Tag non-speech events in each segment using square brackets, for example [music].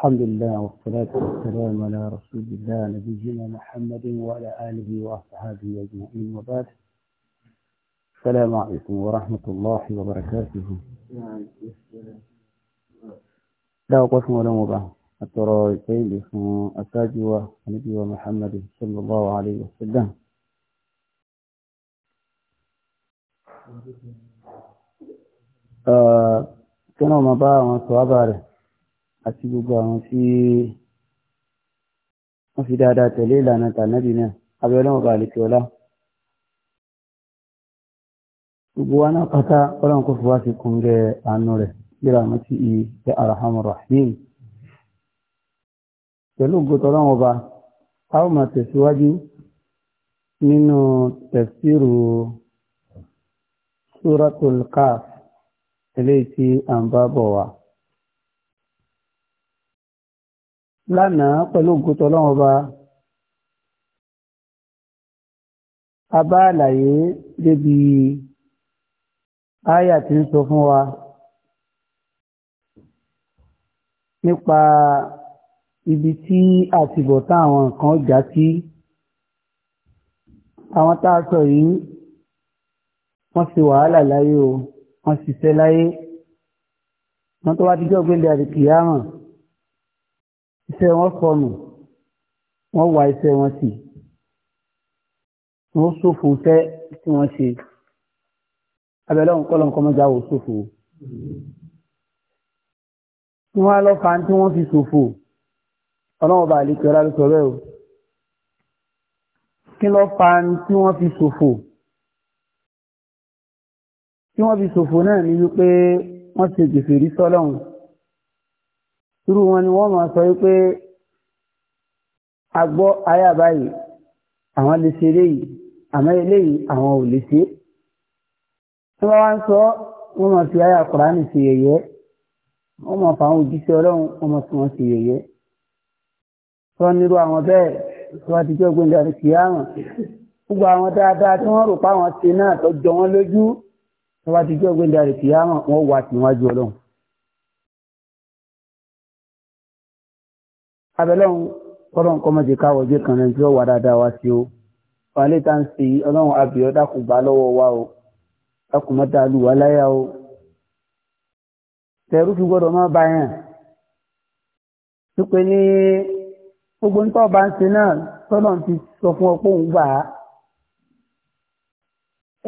الحمد لله والصلاة والسلام على رسول الله نبينا محمد وعلى آله وأصحابه أجمعين وبعد السلام عليكم ورحمة الله وبركاته لا أقسم ولا مبا أترى اسم أساجوا نبي محمد صلى الله عليه وسلم آه كانوا مبا وصحابه àti gbogbo àwọn tí wọ́n fi dáadáa tẹ̀lé ìlànà tànàbí náà abẹ́ọ́lá ọba àlèkè ọlá gbogbo wa náà pátá ọlọ́run kò fi wá sí kúnlẹ̀ àánú rẹ̀ gbéra wọn sí i ṣe arahamu rahim pẹ̀lú ògbótọ́ ọlọ́run ọba a ó máa tẹ̀síwájú nínú tẹ̀síru súratul káf eléyìí tí à ń bá bọ̀ wá. lánàá pẹ̀lú ògùtọ̀ ọlọ́run ọba a bá àlàyé débi áyà tí ń sọ fún wa nípa ibi tí àtìbọ̀tán àwọn nǹkan já sí àwọn tá a sọ yìí wọ́n ṣe wàhálà láyé o wọ́n ṣiṣẹ́ láyé wọ́n tó wá ti jọ́ gbélé àdìkìyà hàn iṣẹ́ wọn sọnù wọ́n wá iṣẹ́ wọn sí wọ́n ṣòfò iṣẹ́ tí wọ́n ṣe abẹ́lẹ́ òun kọ́lọ̀ nǹkan mọ́jà wò ṣòfò tí wọ́n á lọ fa tí wọ́n fi ṣòfò ọlọ́wọ́n bá lè kẹ́ra ló sọ bẹ́ẹ̀ o kí ló fa tí wọ́n fi ṣòfò tí wọ́n fi ṣòfò náà ní wípé wọ́n ṣe gbèsè rí sọ́lọ́run irú wọn ni wọ́n máa sọ wípé a gbọ́ aya báyìí àwọn lè ṣe eléyìí àmọ́ eléyìí àwọn ò lè ṣe tí wọ́n wá ń sọ wọ́n máa fi aya kùránì ṣe yẹ̀yẹ́ wọ́n máa fa àwọn òjíṣẹ́ ọlọ́run wọ́n máa fi wọ́n ṣe yẹ̀yẹ́ sọ nírú àwọn bẹ́ẹ̀ tí wọ́n ti jẹ́ ògbóǹde àti kìíyàmù gbogbo àwọn dáadáa tí wọ́n rò pa àwọn ṣe náà tó jọ wọ́n lójú tí wọ́n ti jẹ́ ògbóǹde àti kìíyàmù wọ́n wà síwájú ọlọ́run abẹ́lẹ́hùn kọ́lọ̀ nǹkan mọ̀jẹ̀ káwọ̀ jẹ́ kan náà tí ó wà dáadáa wá sí o wọn lè tá ń ṣe ọlọ́run abìọ́ dákun gbà lọ́wọ́ wa o dákun mọ́ dáa lù wá láyà o tẹ̀rù fi gbọ́dọ̀ má ba yàn wípé ní gbogbo nítorí ọba ń ṣe náà tọ́lọ̀ ti sọ fún ọ pé òun gbà á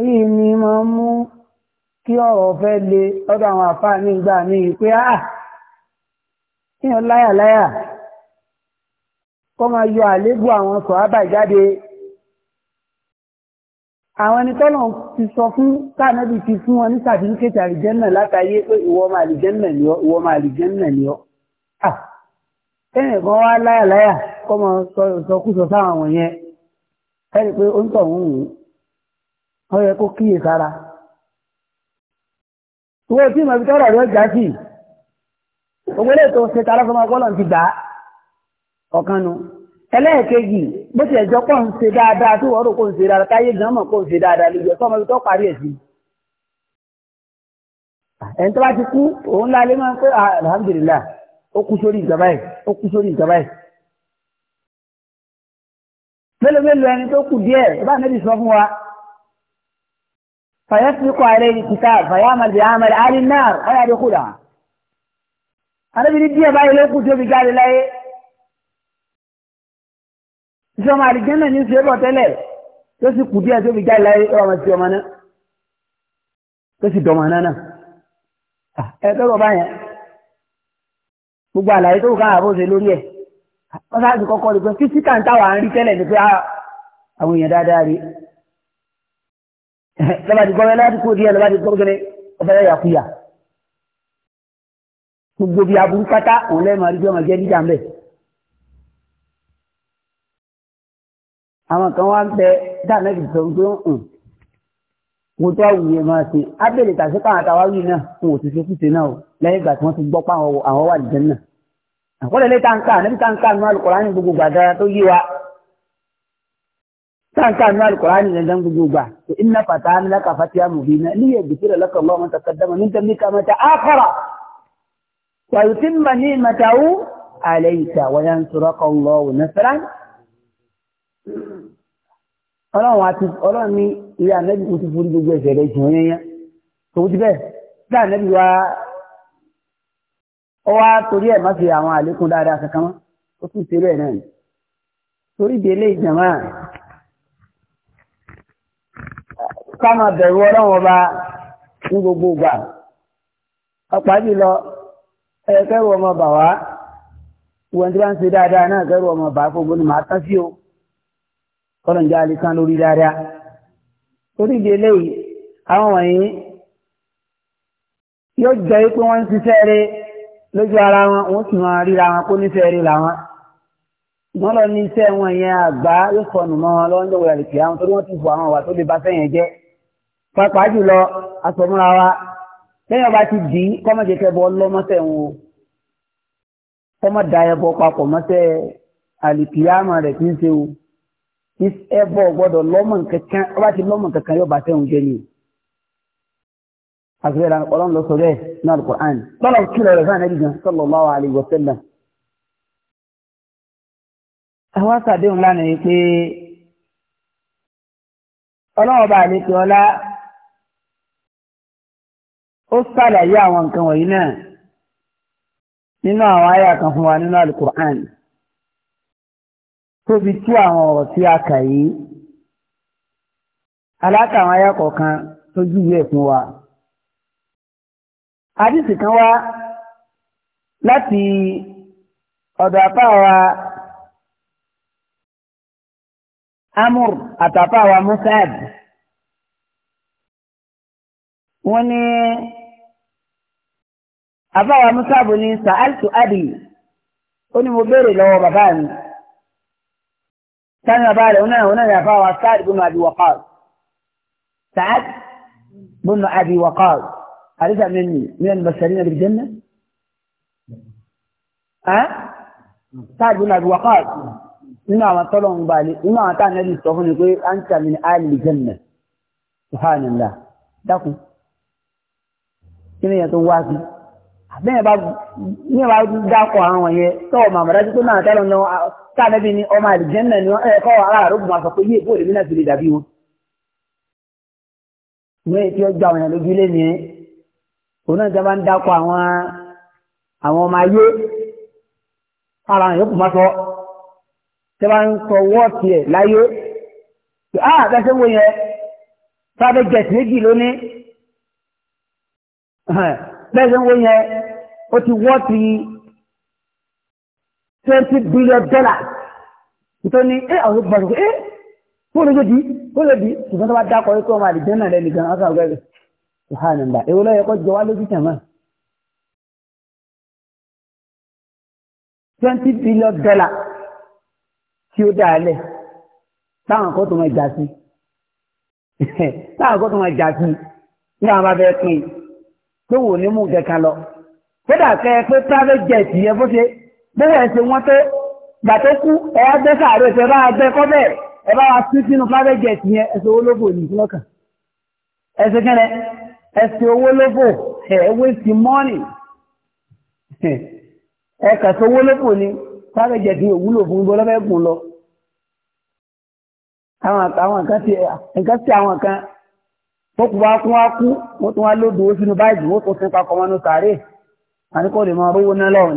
èyí ni máa ń mú kí ọ̀rọ̀ fẹ́ le lọ́dọ̀ àwọn àfáà ní míì pé áà ah! kíyàn láyà láyà kọ́ máa yọ àlébù àwọn sọ̀hábà jáde àwọn ẹni tọ́lọ̀ ti sọ fún káànábì ti fún wọn ní sàtífíkẹ́tì àlìjẹ́nà látàyé pé ìwọ máa àlìjẹ́nà ni ọ́ ìwọ máa àlìjẹ́nà ni ọ́ ẹnì kan wá láyàláyà kọ́ máa sọkúsọ sáwọn àwọn yẹn ẹni pé ó ń tọ̀ ń wù ú ó yẹ kó kíyè sára ìwọ tí mo fi tọ́rọ̀ rẹ̀ já sí ògbélé tó ṣe tara fún ọmọ ọgbọ́n ti gbà á ọ̀kanu ẹlẹ́ẹ̀kejì bó ti ẹ̀jọ́ pọ̀ ń ṣe dáadáa tí wọ́n rò kó ń ṣe dáadáa táyé gan mọ̀ kó ń ṣe dáadáa lójú ọ̀tọ́ ọmọ ibi tó parí ẹ̀ sí. ẹni tó bá ti kú òun lálé máa ń pẹ́ ah, alhamdulilah ó kú sórí ìjọba ẹ̀ ó kú sórí ìjọba ẹ̀. mélòó mélòó ẹni tó kù díẹ̀ ìbá mi sọ fún wa. fàyà sí kọ́ ààrẹ yìí kìtà fàyà àmàlì àmàlì àlì náà ọ̀yà iṣẹ́ ọmọ àdìgẹ́nà ní ṣe é bọ̀ tẹ́lẹ̀ tó sì kù díẹ̀ tó fi já ìlàyé ọmọ ti ọmọ náà tó sì dọ̀mọ̀ náà náà ẹ tọ́rọ báyẹn gbogbo àlàyé tó ká àbó ṣe lórí ẹ̀ wọ́n sáàtì kọ́kọ́ rí pé físíkà ń táwà ń rí tẹ́lẹ̀ ní pé ah, àwọn èèyàn dáadáa rí lọ́ba ti gbọ́mọ láti kó díẹ̀ lọ́ba ti gbọ́mọ gẹ́gẹ́ ọba yà kúyà gbogbo bí aburú pátá òun lẹ́ẹ̀mọ́ àdúgbò ọmọ jẹ́ dídà ń bẹ̀. àwọn kan wá ń bẹ dáàmẹ́bì sọ pé ń mo tó àwọn èèyàn máa ṣe ábẹ́lẹ̀ tàṣí káwọn àtàwọn wí náà ń wò tuntun kùtè náà o lẹ́yìn ìgbà tí wọ́n ti gbọ́ pa àwọn wà nìjẹ́ náà. àkọọ́lẹ̀ ilé táǹkà níbi táǹkà nínú Al-Qur'ani ní gbogbo gbàdára tó yé wa táǹkà nínú Al-Qur'ani ní dandan gbogbo gbà tó inna fatahna laka fatihan mubina liyaghfira laka Allahu ma taqaddama ọlọ́run àti ọlọ́run ní ilé ànẹ́bí tó ti forí gbogbo ẹ̀ṣẹ̀ rẹ̀ jùlọ yẹn yẹn tòun ti bẹ́ẹ̀ tí ànẹ́bí wa ọ wá torí ẹ̀ má fi àwọn àlékún dáadáa kankan mọ́ ó tún ṣe bẹ́ẹ̀ náà ni torí délé ìjàmá ká máa bẹ̀rù ọlọ́run ọba ní gbogbo ìgbà ọ̀pá jùlọ ẹ̀ẹ́kẹ́rù ọmọ bà wá ìwọ̀n tí wọ́n ń ṣe dáadáa náà kẹ́rù ọmọ bà fún gbóni màá tán sí o kọ́lọ̀ ń jẹ́ alikán lórí dáadáa torí ìdí eléyìí àwọn wọ̀nyí yóò jẹ́ pé wọ́n ń ṣiṣẹ́ rẹ lójú ara wọn wọ́n sì máa ríra wọn kó nífẹ̀ẹ́ rẹ làwọn wọ́n lọ ní iṣẹ́ wọn yẹn àgbá yóò sọnù mọ́ wọn lọ́wọ́ ń dọ̀wọ́ ìrìnkì àwọn torí wọ́n ti fò àwọn àwà tó lè ba sẹ́yìn jẹ́ pàápàá jùlọ asọ̀múra wa lẹ́yìn ọba ti dì í kọ́mọ̀jẹ̀kẹ́ bọ́ lọ́mọ́sẹ̀ wọn o kọ́mọ̀dá ẹbọ papọ̀ mọ́sẹ̀ àlìkìyàmọ̀ rẹ̀ kì í ṣe o. ẹbọ gbọ́dọ̀ lọ́mọ kankan ọba ti lọ́mọ kankan yóò bá jẹ́ ni. àti bẹ́ẹ̀ ọlọ́run lọ sọ bẹ́ẹ̀ náà Al-Qur'an lọ́nà kílọ̀ rẹ̀ fún sallallahu alaihi wa sallam. àwọn sàdéhùn lánàá yìí pé ọlọ́run bá àlejò ọlá ó sàlàyé àwọn nǹkan wọ̀nyí náà nínú àwọn kan wa nínú Al-Qur'an. tó fi tú àwọn ọ̀rọ̀ tí a kà yìí alákàwọn ayákọ̀ kan tó júwe fún wa àdìsí kan wá láti ọ̀dọ̀ apá wa amur àtàpá wa musad wọ́n ní apá wa musad ní sa'altu abi ó ní mo béèrè lọ́wọ́ bàbá mi. كان بعد هنا هنا يفاوى سعد بن أبي وقاص سعد بن أبي وقاص أليس مني من المبشرين بالجنة؟ ها؟ سعد بن أبي وقاص nínú àwọn tọ́lọ̀ ń bá lè nínú àwọn tàà nẹ́bí sọ fún ni pé a ń tàbí ní àìlè jẹ́nà ṣùhánilá dákun kí ni yẹn tó wá sí àbẹ́yẹn bá dákọ̀ àwọn yẹn tọ́wọ̀ káàdẹ́bí ni ọmọ àlìjẹ́nà ni wọ́n ẹ̀kọ́ ara àrùn máa sọ pé yí èkó lè mí náà fi lè dàbí wọn. ìwé tí ó gba àwọn lójú ilé nìyẹn òun náà sábà ń dákọ àwọn àwọn ọmọ ayé ara àwọn yòókù máa sọ sábà ń sọ wọ́ọ̀tì ẹ̀ láyé á ah, àgbẹ̀sẹ̀ wo yẹn sábà gẹ̀ẹ́sì méjì lónìí bẹ́ẹ̀ sẹ́ wo yẹn ó ti wọ́ọ̀tì twenty billion dollars nítorí ní ẹ eh, àwọn ìgbà sọ̀rọ̀ ẹ fún olóòjò di fún olóòjì ṣùgbọ́n tó bá dákọ̀ ẹ kó máa dìjẹ́ náà lẹ́nu gan ọ̀sán ọ̀gá rẹ̀ ṣùhánàmbà èwo lọ́yẹ kó jọ wá lójú tẹ̀mọ́ twenty billion dollars tí ó dá a lẹ̀ táwọn kan tó máa jà sí [laughs] táwọn kan tó máa jà sí ní àwọn bá fẹ́ pín pé wò ní mú kẹ̀kẹ́ lọ kódà kẹ́ pé private jet yẹ bó ṣe bẹ́ẹ̀ ẹ̀ ṣe wọ́n tẹ́ gbà tó kú ẹ̀yà bẹ́ sàárẹ̀ ẹ̀ṣẹ̀ bá bẹ́ kọ́ bẹ́ẹ̀ ẹ bá wa sí sínú private jet yẹn ẹ̀ṣẹ̀ owó lóbò ní ìfúnlọ́kàn ẹ̀ṣẹ̀ kẹ́rẹ́ ẹ̀ṣẹ̀ owó lóbò ẹ̀wé sí mọ́ọ̀nì ẹ̀kàṣẹ̀ owó lóbò ní private jet yẹn òwúlò fún gbọ́ lọ́fẹ́ gùn lọ àwọn nǹkan sí àwọn kan tó kù bá kún wá kú wọ́n tún wá lódò ó sínú báyìí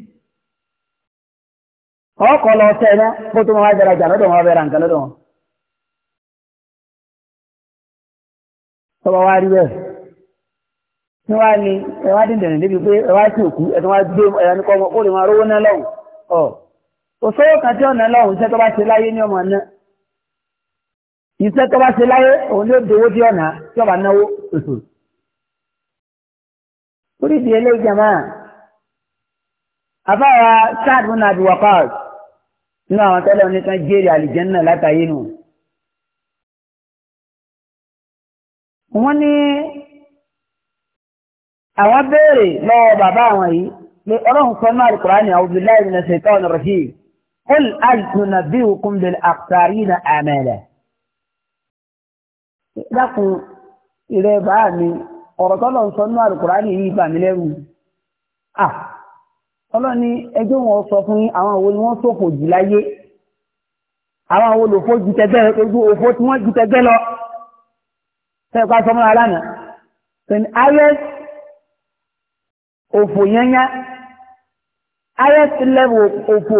ọkọ̀ lọ tẹ́ iná kó tó máa bẹ̀rẹ̀ jà lọ́dọ̀ wọn bẹ̀rẹ̀ nǹkan lọ́dọ̀ wọn. tọ́wọ́ wá rí bẹ́ẹ̀ tí wọ́n á ní ẹwà dìndìnrín níbi pé ẹwà tí òkú ẹ̀ tó wá gbé ẹ̀yà ní kọ́mọ kó lè máa rówó náà lọ́hùn ọ̀ òṣòwò kan tí ọ̀nà lọ́hùn náà iṣẹ́ tó bá nínú àwọn tẹ́lẹ̀ oníkan jèrè àlìjẹ́nà látàyé nù. wọ́n ní àwọn béèrè lọ́wọ́ bàbá àwọn yìí pé ọlọ́run sọ náà Al-Qur'ani a'udhu billahi minash shaitani r-rajim qul hal nunabbi'ukum bil akhsarina a'mala. dákun ìrẹ́ mi ọ̀rọ̀ tọ́lọ̀ ń sọ náà Al-Qur'ani yìí ọlọ́ni ẹjọ́ wọn sọ fún àwọn àwọn ni wọ́n sòfò jù láyé àwọn àwọn olùfò ju tẹgbẹ́ ojú òfò tí wọ́n ju tẹgbẹ́ lọ sẹ́ẹ̀kọ́ asọ́mọ́ alánà pẹ̀lú highest òfò yányá highest level òfò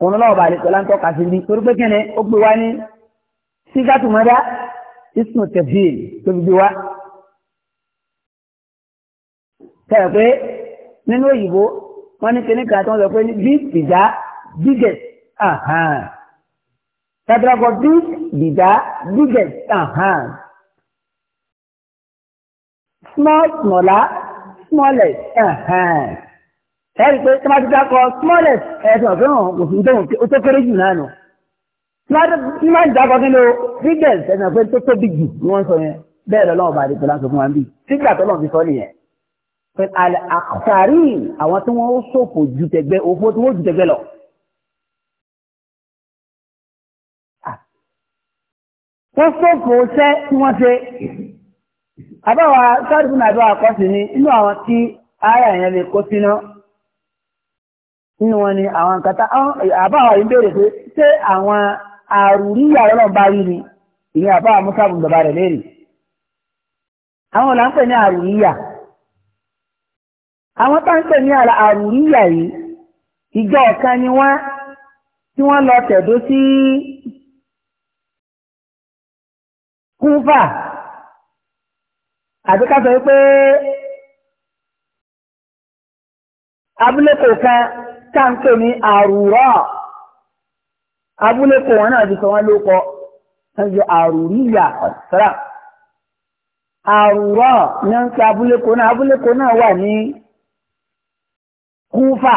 òun lọ́wọ́ bá lè pẹ̀lú àǹtọ́ka sí rí torí pé kíni ó gbé wá ní sígátùmọ́dá ismu tẹ̀fíì tó fi gbé wá sẹ́ẹ̀ pé nínú òyìnbó wọ́n ní kíní kan tí wọ́n sọ pé bí ìjà biggest tẹ́tẹ́rẹ́kọ̀ big, ìjà biggest small smaller smallest ẹ̀rí pé tí wọ́n ti dákọ̀ smallest ẹ̀sìn ọ̀fẹ́ hàn òfin tó ń tó kéré jù náà nù tí wọ́n ti dákọ̀ kí ló biggest ẹ̀sìn ọ̀fẹ́ tó tóbi jù ni wọ́n sọ yẹn bẹ́ẹ̀ lọ́wọ́ bá rí pẹ̀lú àṣọ fún wa ń bì sígbà tó lọ́n fi sọ nìyẹn pẹ̀lú àkàrí àwọn tí wọ́n ṣòfò ju tẹ̀gbẹ́ òfò tí wọ́n ju tẹ̀gbẹ́ lọ. wọ́n ṣòfò ṣẹ́ tí wọ́n ṣe. àbáwá sáré fún àdúrà kọ́sì ni inú àwọn tí ara yẹn lè kó síná nínú wọn ni àwọn nǹkan tá àbáwá yìí béèrè pé ṣé àwọn àrùríyà ọlọ́run bá rí ni ìyẹn àbáwá musa bàbá rẹ̀ léèrè. àwọn là ń pè ní àwọn tá ní àrùríyà yìí ìjọ ọ̀kan ni wọ́n tí wọ́n lọ tẹ̀dó sí kúfà àti ká sọ pé abúlé kọ̀ọ̀kan tá ń pè ní àrùrọ̀ abúlé kọ̀ọ̀kan náà ti sọ wọ́n ló kọ́ wọ́n ti àrùríyà ọ̀sára àrùrọ̀ ní wọ́n ń pe abúlé kọ̀ọ̀kan náà abúlé náà wà ní kúfà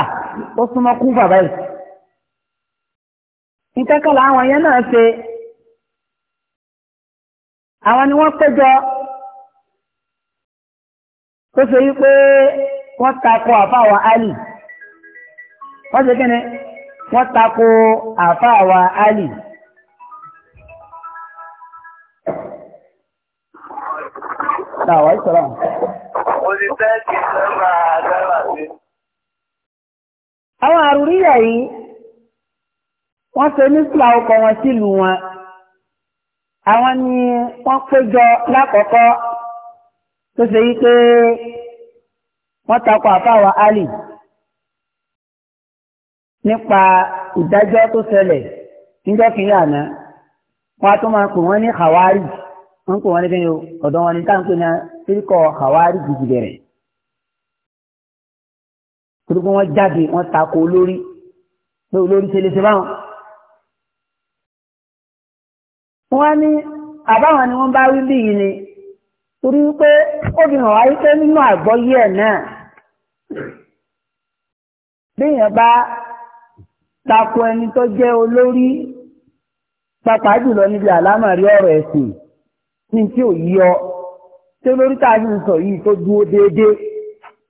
ó súnmọ́ kúfà báyìí. nǹkankan làwọn yẹn náà ṣe àwọn ni wọ́n péjọ tó ṣe yí pé wọ́n tako àfàwà ali wọ́n ṣe kíni wọ́n tako àfàwà ali. Àwọn ìṣòro. Mo ti fẹ́ kí sẹ́wà dára sí. àwọn àrùríyà yìí wọ́n ṣe nísìlá ọkọ̀ wọn sílùú wọn àwọn ni wọ́n péjọ lákọ̀ọ́kọ́ tó ṣe yí pé wọ́n takọ àfáwà Ali nípa ìdájọ́ tó ṣẹlẹ̀ níjọ́ kìíní àná wọ́n á tún máa pè wọ́n ní Hawari wọ́n pè wọ́n ní kí ni ọ̀dọ́ wọn ní táǹkì ní síríkọ̀ Hawari gidi bẹ̀rẹ̀. torí pé wọ́n jáde wọ́n tako olórí pé olórí ṣe lè ṣe báwọn. wọ́n ní àbáwọn ni wọ́n bá wí bí yìí ni torí pé ó fi hàn wáyé pé nínú àgbọ́yé ẹ̀ náà béèyàn bá tako ẹni tó jẹ́ olórí pàápàá jùlọ níbi àlámọ̀rí ọ̀rọ̀ ẹ̀sìn ní tí ò yí ọ tí olórí tá a fi sọ yìí tó dúró déédéé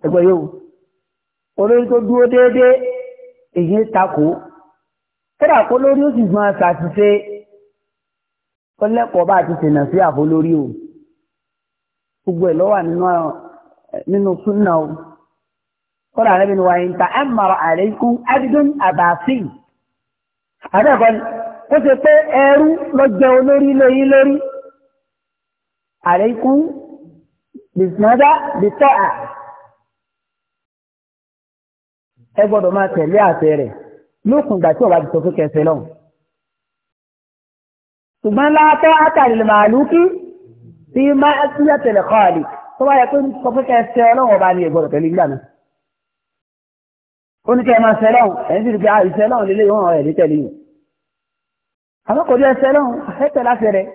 ẹgbẹ́ yóò olórí tó dúró déédéé èyí ń takò kódà kó lórí ó sì máa ṣàtúnṣe kó lẹ́kọ̀ọ́ bá ti ṣènà sí àbó lórí o gbogbo ẹ̀ lọ́wọ́ nínú súnà o kódà níbi ni wàá ń ta ẹ̀ mọ̀rọ̀ àlékún ádùn àbàṣì àbẹ́ẹ̀kọ́ ni kó ṣe pé ẹrú lọ olórí lórí lórí àlékún bìsínádà bìtọ́ à ẹ gbọ́dọ̀ máa tẹ̀lé àṣẹ rẹ̀ lókun ìgbà tí ọba ti sọ pé kẹsẹ̀ lọ́hùn. ṣùgbọ́n látọ́ àtàlẹ̀ màálùkì tí máa ń sí àtẹ̀lẹ̀ kọ́ àlè tó bá yẹ pé sọ pé kẹsẹ̀ ọlọ́run ọba ni ẹ gbọ́dọ̀ tẹ̀lé nígbà náà. ó ní kẹ́ ẹ máa ṣẹ lọ́hùn ẹ̀yìn sì rí pé àìṣẹ́ ah, lọ́hùn lélẹ́ ìwọ̀n ẹ̀ ní tẹ̀lé yìí. àmọ́ kò jẹ́ ẹsẹ̀ lọ́hùn ẹ̀tẹ̀ láṣẹ rẹ̀.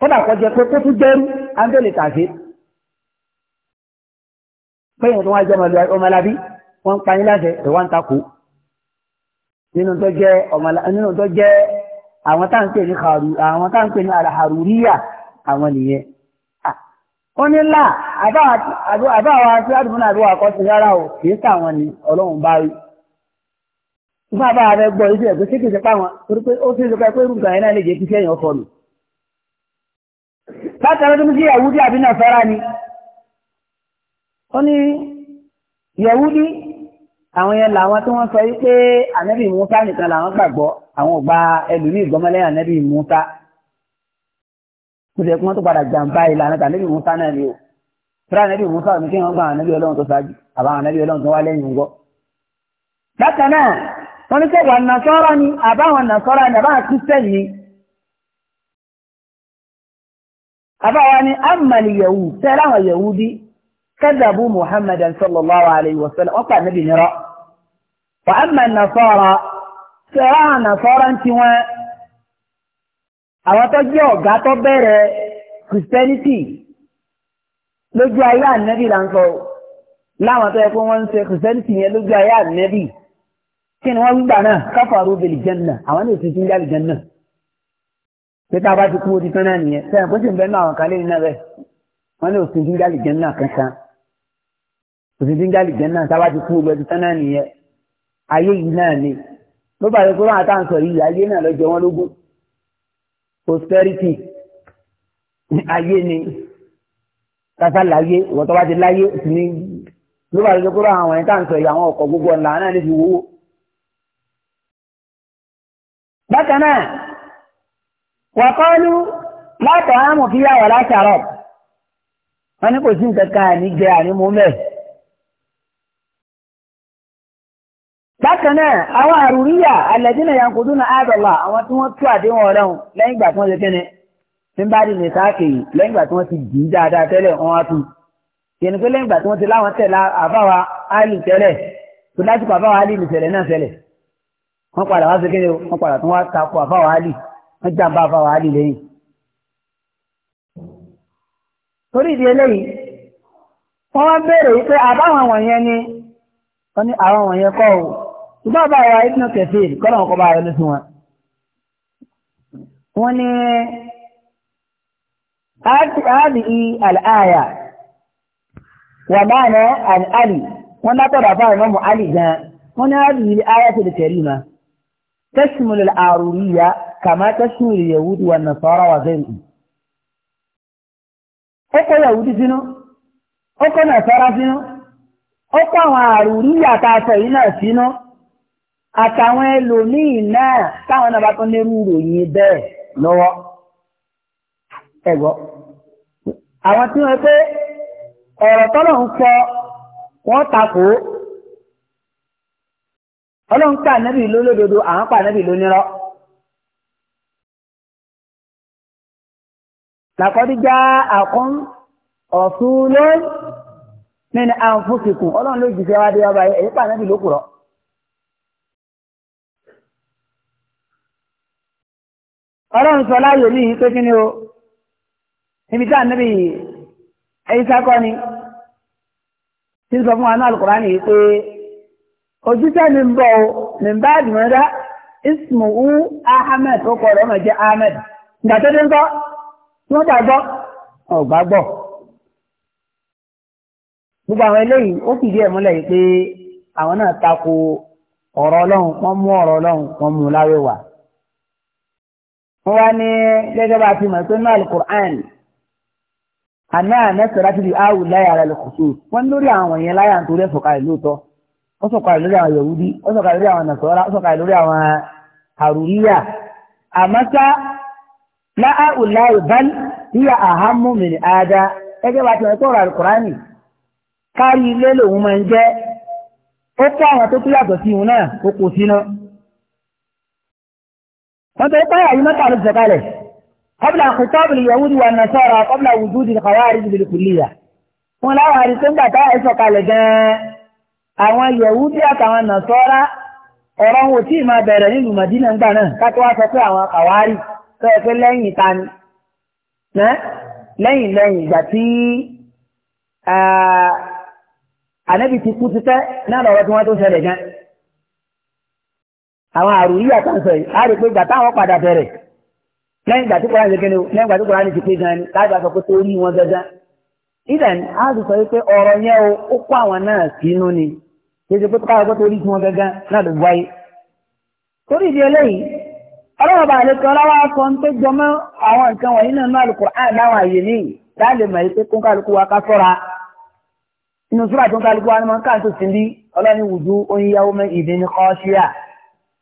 kódà kọjá pé kó tún jẹ́rú áńgẹ́lì tàṣe pẹ́yìn tó wá jẹ́ ọmọlábí wọ́n ń pa yín láṣẹ rẹ̀ wá ń takò nínú tó jẹ́ àwọn tá ń pè ní àwọn tá ń pè ní àràhàrúríyà àwọn nìyẹn. ó ní là àbáwa tí àdúgbò àbúwà kọ́ sí rárá o kì í sàwọn ni ọlọ́run bá rí. ìfún àbá rẹ gbọ́ iṣẹ́ ẹ̀kọ́ sí kìí páwọn torí pé ó sì ń sọpẹ́ pé rúgbà yẹn lè jẹ́ kí sẹ́yìn ọkọ lù. látàrí tó ń ṣe ìyàwó bí àbí fẹ́ra ni ó ní yẹ̀wúdí àwọn yẹn làwọn tí wọ́n sọ yí pé ànábì Musa nìkan làwọn gbàgbọ́ àwọn ọgbà ẹlòmíì gbọ́mọlẹ́yìn ànábì Musa kùdẹ̀ kí wọ́n tó padà jàǹbá ìlànà tànábì Musa náà ni o tíra ànábì Musa ní kí wọ́n gba ànábì Ọlọ́run tó ṣáájú àbáwọn ànábì Ọlọ́run tó wá lẹ́yìn ńgọ́. bákan náà wọ́n ní sẹ́wọ̀n nàṣọ́rọ́ ni àbáwọn nàṣọ́rọ́ ni àbáwọn kírísítẹ́nì ni àbáwọn ni àmàlì yẹ̀wù tẹ́ láwọn yẹ̀wù bíi كذبوا محمدا صلى الله عليه وسلم وقع نبي نرى وأما النصارى سواء نصارى انتوا àwọn tó jẹ́ ọ̀gá tó bẹ̀rẹ̀ christianity lójú ayé ànẹ́bì là ń sọ láwọn tó yẹ kó wọ́n ń ṣe christianity yẹn lójú ayé ànẹ́bì kí ni wọ́n ń gbà náà káfàrú bèlì jẹ́nà àwọn ní òsì ń jáde jẹ́nà pété abá ti kú ó ti tán náà nìyẹn sẹ́yìn kó sì ń bẹ́ẹ̀ náà àwọn kan lé ní náà bẹ́ẹ̀ wọ́n ní òsì ń jáde jẹ́nà kankan kò sí díngàlì jẹ́nà tábà ti kú gbẹdú tán náà nìyẹn ayé yìí náà ni ló bá yẹ kó máa tá à ń sọ yìí ayé náà lọ́jọ́ wọn lógún prosperity ayé ni tata láyé ìwọ́n tó bá ti láyé sí ni ló bá yẹ kó máa àwọn ẹni tá à ń sọ yìí àwọn ọkọ̀ gbogbo ọ̀la náà ní fi wówó. bákan náà wà kọ́lù látọ̀ àmọ̀ kíyàwó láṣàrọ̀ wọn ní kò sí nǹkan kan àní jẹ àní mú mẹ́ẹ̀. bákan náà àwọn àrùríyà alẹ́dínà yankudu na àdọ̀lá àwọn tí wọ́n tú àdéhùn ọlọ́run lẹ́yìn ìgbà tí wọ́n ṣe kẹ́ni tí ń bá dì ní sáàkì lẹ́yìn ìgbà tí wọ́n ti dì í dáadáa tẹ́lẹ̀ wọ́n wá tú yẹnni pé lẹ́yìn ìgbà tí wọ́n ti láwọn tẹ̀lé àbáwa áàlì tẹ́lẹ̀ tó lásìkò àbáwa áàlì nìṣẹ̀lẹ̀ náà ṣẹlẹ̀ wọ́n padà wá ṣe kẹ́ni wọ́n padà wípé àbáwọn wọ̀nyẹn ni wọ́n ní àwọn wọ̀nyẹn kọ́ ò ṣùgbọ́n bá wa ibùdó kẹfìr kọ́nà ọkọ̀ bá yọnu fún wa. wọ́n ní àdìí àlàyà wà máàná àlì wọ́n látọ̀dọ̀ àfáà ìmọ̀mù àlì gan wọ́n ní àdìí àyà tó lè kẹrì ma tẹ́sùmù lè àrùríyà kàmá tẹ́sùmù lè wà nàṣọ́rọ̀ wà fẹ́rì. ó kọ́ yẹ̀wúdì sínú ó kọ́ nàṣọ́rọ̀ sínú ó kọ́ àwọn àrùríyà tá yìí náà sínú àtàwọn ẹlòmíì náà táwọn náà bá tún lérú ìròyìn bẹ́ẹ̀ lọ́wọ́ ẹ̀gbọ́ àwọn tí wọ́n pé ọ̀rọ̀ tọ́lọ̀ ń sọ wọ́n takò ọlọ́run pa ànábì lólódodo àwọn pa ànábì lónírọ́ làkọ́díjá àkún ọ̀sùn lónìí ní àǹfùsìkù ọlọ́run ló jù sí wá dé ọba èyí pa ọlọ́run sọ láàyò ní ìpé kí ni o níbi tí ànábì ẹ̀yíṣákọ́ ni tí ń sọ fún wa náà alukura ni pé ojúṣe mi ń bọ̀ o mi ń bá àdìmọ́dá ismuhu ahmed ó kọ̀ ọ̀rọ̀ ọmọ jẹ́ ahmed ìgbà tó dé ń kọ́ tí wọ́n gbàgbọ́ ọ̀gbàgbọ́ gbogbo àwọn eléyìí ó fìdí ẹ̀ múlẹ̀ yìí pé àwọn náà tako ọ̀rọ̀ ọlọ́run wọ́n mú ọ̀rọ̀ ọlọ́run wọ́n mú láwé wọ́n wá ní gẹ́gẹ́ bá a ti mọ̀ pé náà alukur'an àná àmẹ́sẹ̀ láti di áwù láyà rẹ̀ lọ́kùsù wọ́n lórí àwọn yẹn láyà nítorí ẹ̀fọ́ kalẹ̀ lóòótọ́ ó sọ̀kalẹ̀ lórí àwọn Yahudi ó sọ̀kalẹ̀ lórí àwọn Nasara ó sọ̀kalẹ̀ lórí àwọn àrùríyà àmọ́sá láàwù láyà bal hiya ahammu min ada gẹ́gẹ́ bá a ti mọ̀ pé ọ̀rọ̀ kárí ilé lòun máa ń jẹ́ ó kó àwọn tó فانت يبقى يا متى على الزبالة قبل خطاب اليهود والنصارى قبل وجود الخوارج بالكلية wọn láwọn àdìsẹ́ńgbà táwọn ìsọ̀kalẹ̀ gan-an àwọn yahudi àtàwọn nàṣọ́ra ọ̀rọ̀ wọn ò tí ì máa bẹ̀rẹ̀ nínú Madina ńgbà náà kátó wá sọ pé àwọn kàwárì tó ẹ pé lẹ́yìn ìta ni lẹ́yìn lẹ́yìn ìgbà tí ànábì ti kú ti tẹ́ náà lọ́wọ́ tí wọ́n tó ṣẹlẹ̀ gan-an àwọn àrùn yíyà tá ń sọ yìí á rí pé ìgbà táwọn padà bẹ̀rẹ̀ lẹ́yìn ìgbà tí kò ránì kékeré lẹ́yìn ìgbà tí kò ránì ti pé gan ni láti bá sọ pé tó rí wọn gangan. ìdàn á sì sọ pé ọ̀rọ̀ yẹn o ó kó àwọn náà sínú ni kí ṣe pé tó káwọn pé tó rí wọn gangan náà ló wáyé. torí ìdí eléyìí ọlọ́run bá àlejò ọlọ́wọ́ sọ ń tó àwọn nǹkan wọ̀nyí náà náà Al-Qur'an àyè ní láàlè mọ̀ pé kó kálukú wa ká sọ́ra inú súrà tó kálukú wa ni wọ́n káàtó sí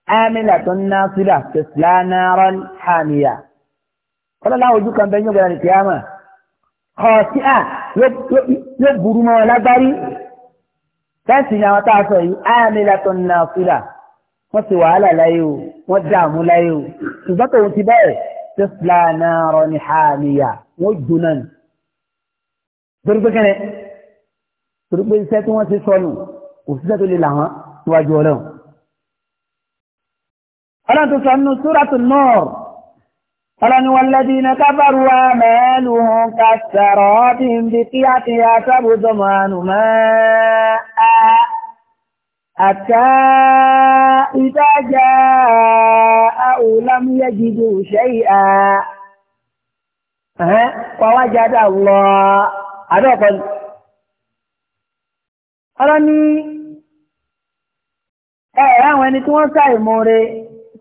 ámìlàtún násílà tẹ̀sílá náírán hàmìyà ọlọ́lá ojú kan bẹ́ẹ̀ yóò gbọ́dọ̀ ní kíámà ọ̀sí à yóò burú mọ́ ọ lágbárí fẹ́ǹsì ni àwọn tá a sọ yìí ámìlàtún násílà wọ́n ti wàhálà láyé e, o wọ́n dààmú láyé o ṣùgbọ́n tòun ti bẹ́ẹ̀ tẹ̀sílá náírán hàmìyà wọ́n jóná ni torí pé kẹ́nẹ̀ torí pé iṣẹ́ tí wọ́n ti sọnù òṣìṣẹ́ tó le làwọn níwájú ọlọ́run ọlọ́ntúnṣọ́nù súrátù Nur ọlọ́ni walladhina kafaru amaluhum kasaratin biqiyati yasabu zamanu ma'a hatta idha ja'ahu lam yajidu shay'an wa wajada Allah adọ́kọ̀ni ọlọ́ni ẹ̀ẹ́ àwọn ẹni tí wọ́n sáì mọ́re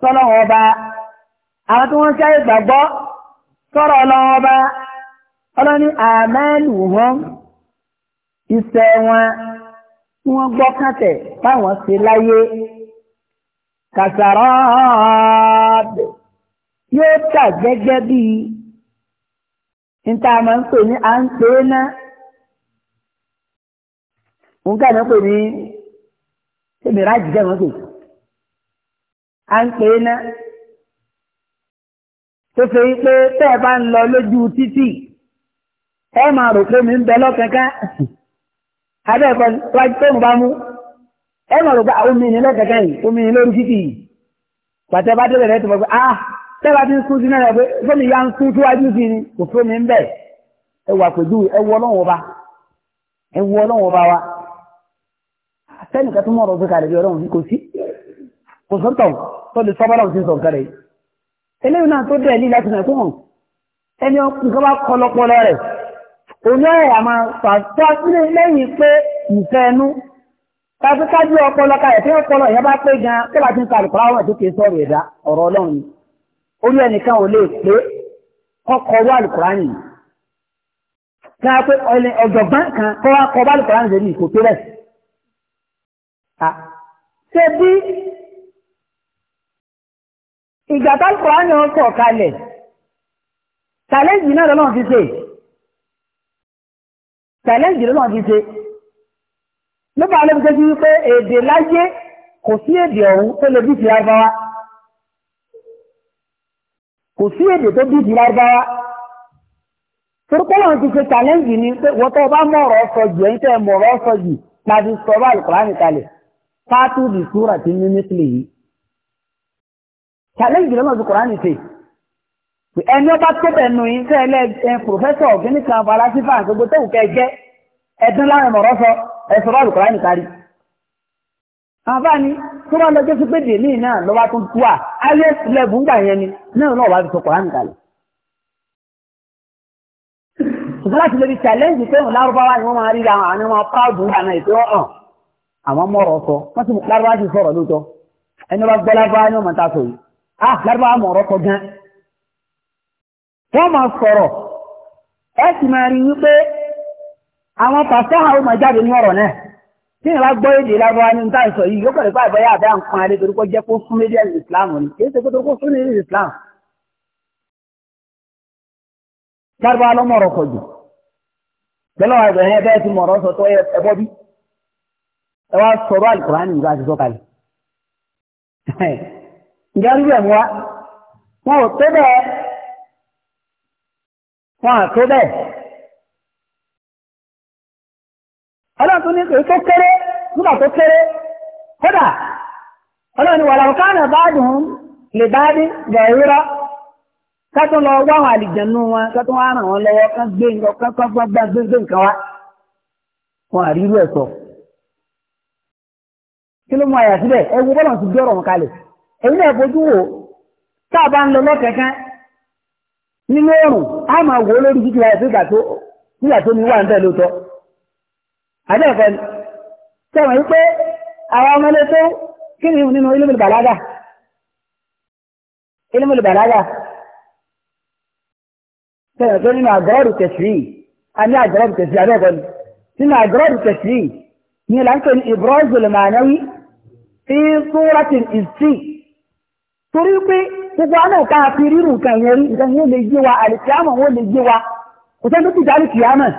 sọ́lọ́wọ́ ọba àwọn tí wọ́n ṣáyé gbàgbọ́ sọ́rọ̀ ọlọ́wọ́ ọba ọlọ́ni àmẹ́lù wọn iṣẹ́ wọn tí wọ́n gbọ́ kàtẹ̀ báwọn ṣe láyé kàṣàrọ́ọ̀dẹ̀ yóò tà gẹ́gẹ́ bíi níta máa ń pè ní à ń pè é ná òun kà ní pè ní ṣé mìíràn jìjẹ́ wọn pè é à ń pè é ná tó ṣe pé tẹ́ ẹ bá ń lọ lójú títì ẹ máa rò pé mi ń bẹ lọ́kẹ̀kẹ́ abẹ́ẹ̀kọ́ wájú tó ń bá mú ẹ máa rò pé ah, omi ni lọ́kẹ̀kẹ́ yìí omi ni lórí títì yìí pàtẹ́ bá débẹ̀ rẹ̀ tó mọ̀ pé ah tẹ́ bá ti ń sún sí náà pé fóònù ya ń sún síwájú sí ni kò fóònù ń bẹ̀ ẹ wà pẹ̀lú ẹ wọ ọlọ́wọ́ bá ẹ wọ ọlọ́wọ́ bá wa sẹ́nìkan tó mọ̀ ọ̀rọ̀ kò sọ́tọ̀ tó lè sọ́bọ́lọ̀ sí sọ kẹrẹ eléyìí náà tó dẹ̀ ní láti náà tó hàn ẹni nǹkan bá kọ lọpọlọ rẹ̀ òní ọ̀rẹ́ àmà pàtó sílé lẹ́yìn pé ìfẹ́ ẹnu tàbí kájú ọpọlọ kalẹ̀ tí ọpọlọ ìyá bá pé gan tó bá ti ń ka àlùkò àwọn ètò kìí sọ̀rọ̀ ẹ̀dá ọ̀rọ̀ ọlọ́run ni orí ẹnìkan ò lè pé kọ́kọ́ wá àlùkùránì ká pé ọ̀jọ̀gbọ́n kan kọ́ wá kọ́ bá àlùkùránì lè ní bí ìgbà tá Kùránì ọkọ̀ kalẹ̀ challenge náà lọ́nà ti ṣe challenge lọ́nà ti ṣe nípa alẹ́bíṣẹ́ ti wípé èdè láyé kò sí èdè ọ̀hún tó lè bí ti lárúbáwá kò sí èdè tó bí ti lárúbáwá torúkọ́lọ́n ti ṣe challenge ni pé wọ́tọ́ bá mọ̀rọ̀ ọ̀sọ̀ ẹ̀yìn tẹ́ mọ̀rọ̀ ọ̀sọ̀ jù sọ̀rọ̀ Al-Kùránì kalẹ̀ fátúbì súrà ti mímísìlì yìí challenge lọ́nà ju kùránì ṣe ẹni ọba tó bẹ̀nu yín tẹ́ ẹ pòfẹ́sọ̀ ọ̀gẹ́nìkan falasífà gbogbo tó kẹ́ jẹ́ ẹdún láàrin ọ̀rọ̀ sọ ẹ̀sọ́ bá lùkùránì kárí. àǹfààní tó bá lọ jésù pé dèmí náà lọ́wọ́ tó tú à ayé lẹ́bù ń gbà yẹn ni náà náà wà á fi sọ kùránì kalẹ̀. ṣùgbọ́n láti lè fi challenge pé òun lárúbáwá ni wọ́n máa rí àwọn àwọn máa pààdù àná ìpé ọ̀hàn àwọn mọ̀rọ̀ sọ lárúbáwá ti sọ̀rọ̀ lóòótọ́ ẹni wọ́n gbọ́ lárúbáwá ni wọ́n máa yìí ah lárúbáwá mọ̀ ọ̀rọ̀ kọ gan wọ́n máa sọ̀rọ̀ ẹ sì máa rí wípé àwọn pàṣẹ́hà ó máa jáde ní ọ̀rọ̀ náà tí ìlà gbọ́ èdè lárúbáwá ní níta ìsọ̀ yìí yóò pẹ̀lú pàbọ̀ yá àbẹ́ àǹkan adé torí kó jẹ́ kó fún méjì ẹ̀sìn ni kì í ṣe kó kó fún méjì Islam lárúbáwá lọ́mọ̀ ọ̀rọ̀ kọ̀ jù pẹ̀lú àwọn ẹ̀bẹ̀ bẹ́ẹ̀ ti mọ̀ sọ tó ẹbọ́ bí ẹ wá sọ̀rọ̀ àlùkùránì ìgbà àti sọ́kalẹ̀ ìjárí rẹ̀ wá wọn ò tó bẹ́ẹ̀ wọn à tó bẹ́ẹ̀ ọlọ́run ní kéré nígbà tó kéré kódà ni wàlàwọ̀ káàmì báàdùn lè báàdì gẹ̀ẹ́rọ́ kátó lọ wáwọn àlìjẹ̀nú wọn kátó wá ràn wọn lọ́wọ́ kán gbé nǹkan kán gbọ́gbọ́n gbé nǹkan wá wọn àrí ẹ̀ sọ kí ló mú àyà síbẹ̀ bọ́lọ̀ ti èyí náà fojú wò tá a bá ń lọ lọ́kẹ̀kẹ́ nínú oòrùn a máa wò lórí títí láì sígbà tó nígbà tó ní wà ń tẹ̀lé tọ́ àdẹ́ẹ̀kọ́ ni sẹ́wọ̀n yí pé àwọn ọmọdé tó kí ni nínú ilé bàlágà bàlágà sẹ́wọ̀n tó nínú àgọ́rù tẹ̀sí torí pé gbogbo àná ìta àti rírun nǹkan yẹn nke nǹkan yóò lè yé wa àlìkìámọ̀ wọ́n lè yé wa kò sẹ́ni tó ti dá àlìkìámọ̀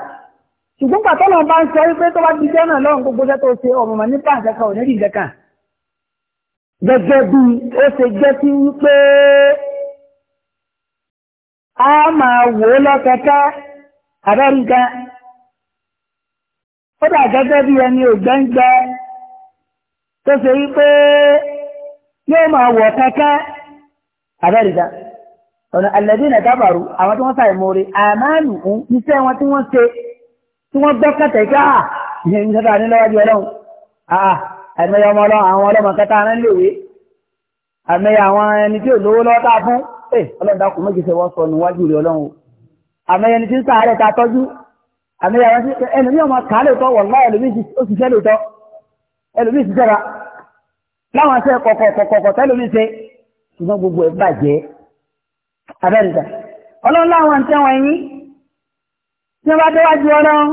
ṣùgbọ́n pàtó náà bá ń sọ wípé tó bá ti jẹ́ náà gbogbo iṣẹ́ tó ṣe ọmọ màá nípa ò gẹ́gẹ́ bí ó ṣe a máa wò ó lọ́kẹ́kẹ́ ó dà gẹ́gẹ́ bí yóò máa wọ̀ kankan abẹ́rìdá ọ̀nà alladhina kafaru àwọn tí wọ́n sàì mórí àmánù ń iṣẹ́ wọn tí wọ́n ṣe tí wọ́n gbọ́ kẹtẹ̀ká ah, ìyẹn ní sọ́tà ní lọ́wọ́dí ọlọ́run àà ah, àìmọye ọmọ ọlọ́run àwọn ọlọ́mọ kẹta rẹ̀ léwe àìmọye àwọn ẹni tí ò lówó lọ́wọ́ tá fún ẹ eh, ọlọ́run dákú méjì ṣe wọ́n sọ níwájú rẹ̀ ọlọ́run láwọn aṣẹ kọ̀kọ̀kọ̀kọ̀ tẹ́lómi ṣe ṣùgbọ́n gbogbo ẹ̀ bàjẹ́ abẹ́rẹ́ta ọlọ́run láwọn ń tẹ́wọ̀n yín tí wọ́n bá déwájú ọlọ́run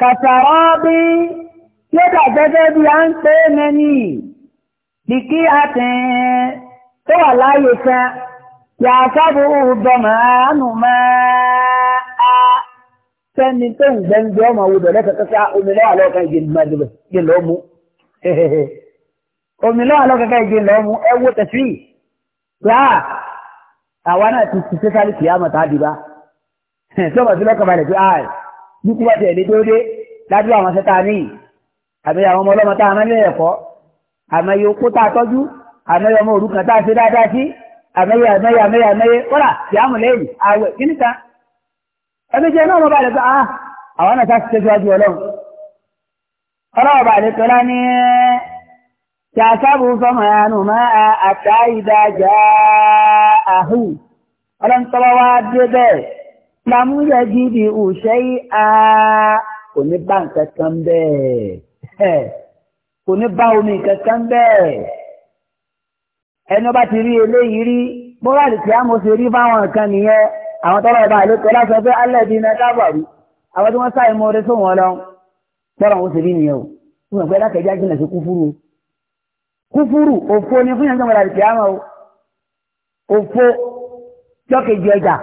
kàtàrọ́ bí yóò dà gẹ́gẹ́ bí a ń pè é mẹ́ni bìkí àtẹ̀ẹ́ tó wà láàyè kan yàtọ̀bù dọ̀mọ̀ àánú máa a sẹ́ni tó ń gbẹ́ngbẹ́ ọmọ òwúdọ̀ lẹ́kẹ̀kẹ́ omi lọ́wọ́ lọ́kàn ìgbìmọ̀ ìgbìmọ̀ omi lọ́wọ́ lọ́kẹ́kẹ́ ìgbé lọ́mú ẹwọ tẹ̀sí gbà àwa náà ti ti sẹ́sálì kìí àmọ̀ tàbí bá sọ́mọ̀ sí lọ́kàn balẹ̀ pé àì dúkú bá tiẹ̀ lédéódé ládùú àwọn sẹ́ta ní àbí àwọn ọmọ ọlọ́mọ tá a máa ń lé ẹ̀kọ́ àmọye okó tá a tọ́jú àmọye ọmọ òrukàn tá a ṣe dáadáa sí àmọye àmọye àmọye àmọye kọ́là kìí àmọ̀ lẹ́yìn àwẹ̀ kíní kan ẹbí jẹ́ náà wọ́n balẹ̀ pé ah, àwa يعتبر ظمآن ماء حتى إذا جاءه ọlọ́n tọ́wọ́ wá dé bẹ́ẹ̀ lámú yẹ gidi òṣè à kò ní bá nǹkan kan bẹ́ẹ̀ kò ní bá omi nǹkan kan bẹ́ẹ̀ ẹni ọba ti rí eléyìí rí bọ́láàdì tí a mọ̀ sí rí fáwọn nǹkan nìyẹn àwọn tọ́lọ̀ ọba àlékò láti ọgbẹ́ alẹ́ bíi náà dábàrú àwọn tí wọ́n sáyẹn mọ́ orí fún wọn lọ wọn sì kúfúrù òfo ni fún yàtọ̀ mọ̀lá ìkẹ́ o òfo jọ́kejì ọjà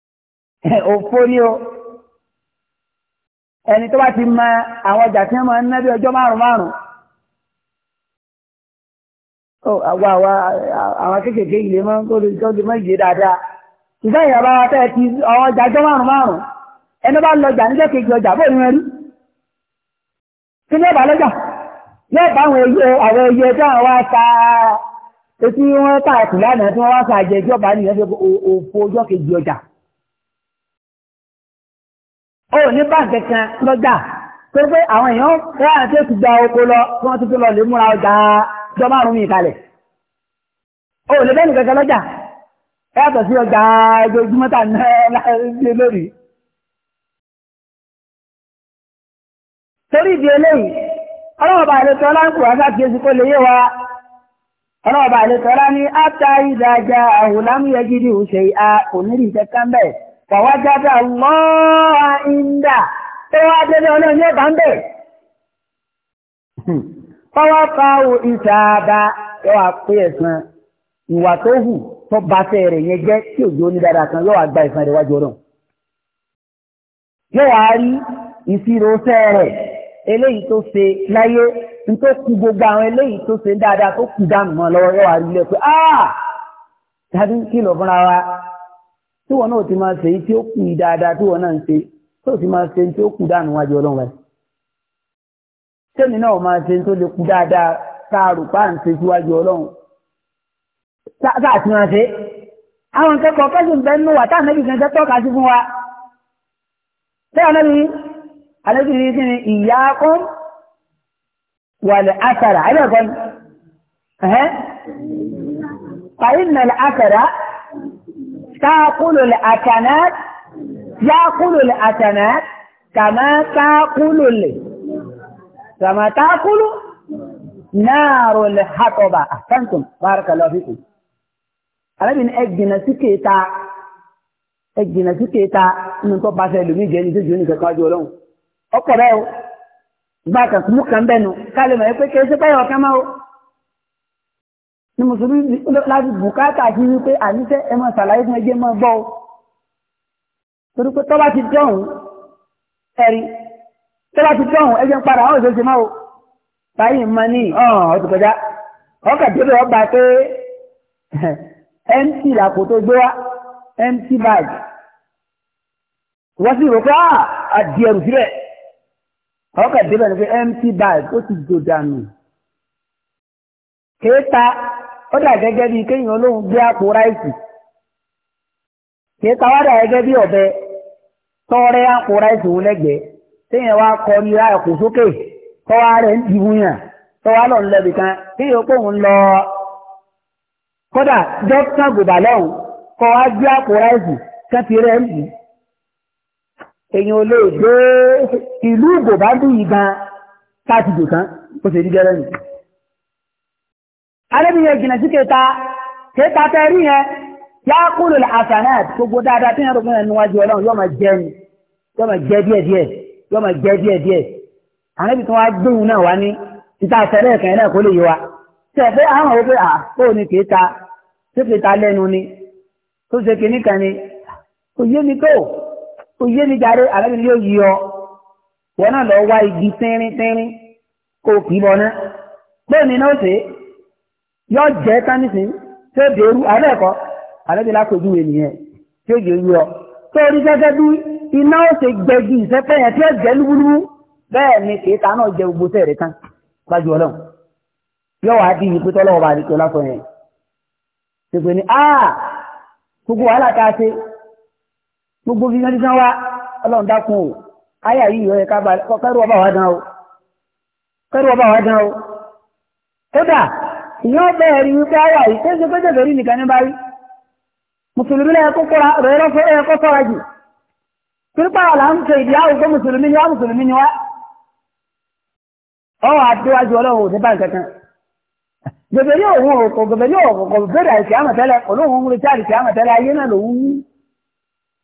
[laughs] òfo ni o ẹni tó bá ti mọ àwọn ọjà tí wọ́n máa ń ná bí ọjọ́ márùn márùn àwọn àwọn kéékèèké ilé máa ń kó lè tọ́jú méje dáadáa ìfẹ́ ìyàbá wa tẹ́ ti àwọn ọjà ọjọ́ márùn márùn ẹni bá lọ jà níjọ́ kejì ọjà bóyá rí kí ni ọba lọ́jà yóò bá àwọn ẹyẹ àwọn ẹyẹ tí àwọn wá ta etí wọn káàkiri lánàá tí wọn wá ta jẹ ìjọba nìyẹn ṣe òfò ọjọ́ kejì ọjà ó ní báǹkì kan lọ́jà tó pé àwọn èèyàn wọ́n àti ètò gba oko lọ tí wọ́n tuntun lọ lè múra ọjà jọ márùn-ún mi kalẹ̀ ó lè bẹ́ẹ̀ nìkan kan lọ́jà yàtọ̀ sí ọjà ojoojúmọ́ tà ní lórí torí ìdí eléyìí ọlọ́ọ̀bà àlejò ọlá ń kù wáṣá kí oṣù kó lè yé wa ọlọ́ọ̀bà àlejò ọlá ní áta ìdájà àwòlámú yẹgídì òṣè a kò ní rí ìjẹta ń bẹ̀ wàwá jáde àlọ́ọ̀ ìndà tó wá délé ọlọ́run yóò bá ń bẹ̀. fọwọ́ pa o ìṣàbà yóò wá pé ẹ̀sán ìwà tó hù tó bá fẹ́ rẹ̀ yẹn jẹ́ tí òjò ní dáadáa kan yóò wá gba ìsan eléyìí tó ṣe láyé nítorí kú gbogbo àwọn eléyìí tó ṣe dáadáa tó kù dànù mọ́ lọ́wọ́ yóò wá rí lẹ́ pé áà ah! tàbí kìlọ̀ fúnra wa tí wọn náà ti máa ṣe tí ó kù dáadáa tí wọn náà ń ṣe tí ó ti máa ṣe tí ó kù dànù wájú ọlọ́run rẹ̀. sẹ́mi náà máa ṣe tó lè kù dáadáa tá a rò pa à ń ṣe síwájú ọlọ́run tá a ti máa ṣe. àwọn kẹ́kọ̀ọ́ kẹ́sùn bẹ́ẹ̀ alábìrin kí ni ìyá kan wà lè àkàrà àìbẹ̀kọ́ ni فإن الأكل تأكل الأكنات يأكل الأكنات كما تأكل كما تأكل نار الحطب أحسنتم بارك الله فيكم أنا من أجنا سكيتا أجنا سكيتا من طبعا سيلومي جاني سجوني كتاجولون ọkọ̀ rẹ̀ o gba kàkùmù kan bẹ́nu kálẹ̀ mọ̀ pé kéré sípẹ́ ọ̀kan máa o ní mùsùlùmí láti bùkátà sí wípé àníṣẹ́ ẹ máa ṣàlàyé fún ẹgbẹ́ máa gbọ́ o torí pé tọ́ba ti dọ̀hún ẹ̀rí tọ́ba ti dọ̀hún ẹgbẹ́ ń padà àwọn òṣèṣe máa o báyìí máa ní ọ̀hún ọ̀tún kọjá ọkà tó bẹ̀ ọba pé mc làkò tó gbé wá mc bag wọ́n sì rò pé àdìẹ̀rù ah, síbẹ̀. ọkọ̀ ìdíbẹ̀ ní pé empty bag ó ti jò dànù kéèta ó dà gẹ́gẹ́ bíi kéèyàn olóhùn gbé àpò ráìsì kéèta ọ dà gẹ́gẹ́ bíi ọ̀bẹ tọ́rẹ́ àpò wọn kọ ní ra ẹ̀kọ́ sókè tọ́wá rẹ̀ ń dìbò yàn lọ lọ kódà dókítà wá ń èyàn olè gbé ìlú ìgbòbádù ìgbàn láti jò tán ó ṣe rí gẹ́rẹ́ nì arẹ́bìnrin ìgbìnà sí kẹta kẹta tẹ́rí yẹn yá kúrò àfànàt gbogbo dáadáa tí yẹn rògbìn níwájú ọlọ́run yóò máa jẹ ni yóò máa jẹ díẹ̀ díẹ̀ yóò máa jẹ díẹ̀ díẹ̀ àrẹ́bì tí wọ́n gbóhùn náà wá ní ìta àfẹ́rẹ́ ẹ̀kẹ́ náà kó lè yé wa tẹ̀fẹ́ àwọn òwe ni kẹta tó òye mi jàre àlẹ́bí yóò yí ọ wọn náà lọ wá igi tínrín tínrín kó o kì í bọ́ná bẹ́ẹ̀ ni náà ṣe yọ jẹ́ tánísìn tí ó dèrú àlẹ́ẹ̀kọ́ àlẹ́bí lákòójú ènìyàn tí ó yẹ yí ọ tó rí gẹ́gẹ́ bí iná ó ṣe gbẹ̀gì ìṣẹ́pẹ́ yẹn tí ó jẹ́ lúbúlúbú bẹ́ẹ̀ ni kèéta náà jẹ gbogbo tẹ̀rẹ̀ tán gbájú ọlọ́run yóò wá di ìpè tọ́lọ́wọ́ bá rí kí ọlá ah gbogbo wàhálà tá a gbogbo bí wọ́n ti wá ọlọ́run dákun o káyà yìí kẹ́rù ọba wa dán o kódà ìyọ́n bẹ̀rẹ̀ rí wípé ayà yìí tó ṣe péjọ lórí nìkan ní báyìí mùsùlùmí lẹ́yìn kókó rẹ̀ ẹ̀kọ́ sọ́ra jù pípa àlà ń ṣe ìdí àwùjọ ni wá ni wá ọlọ́run òun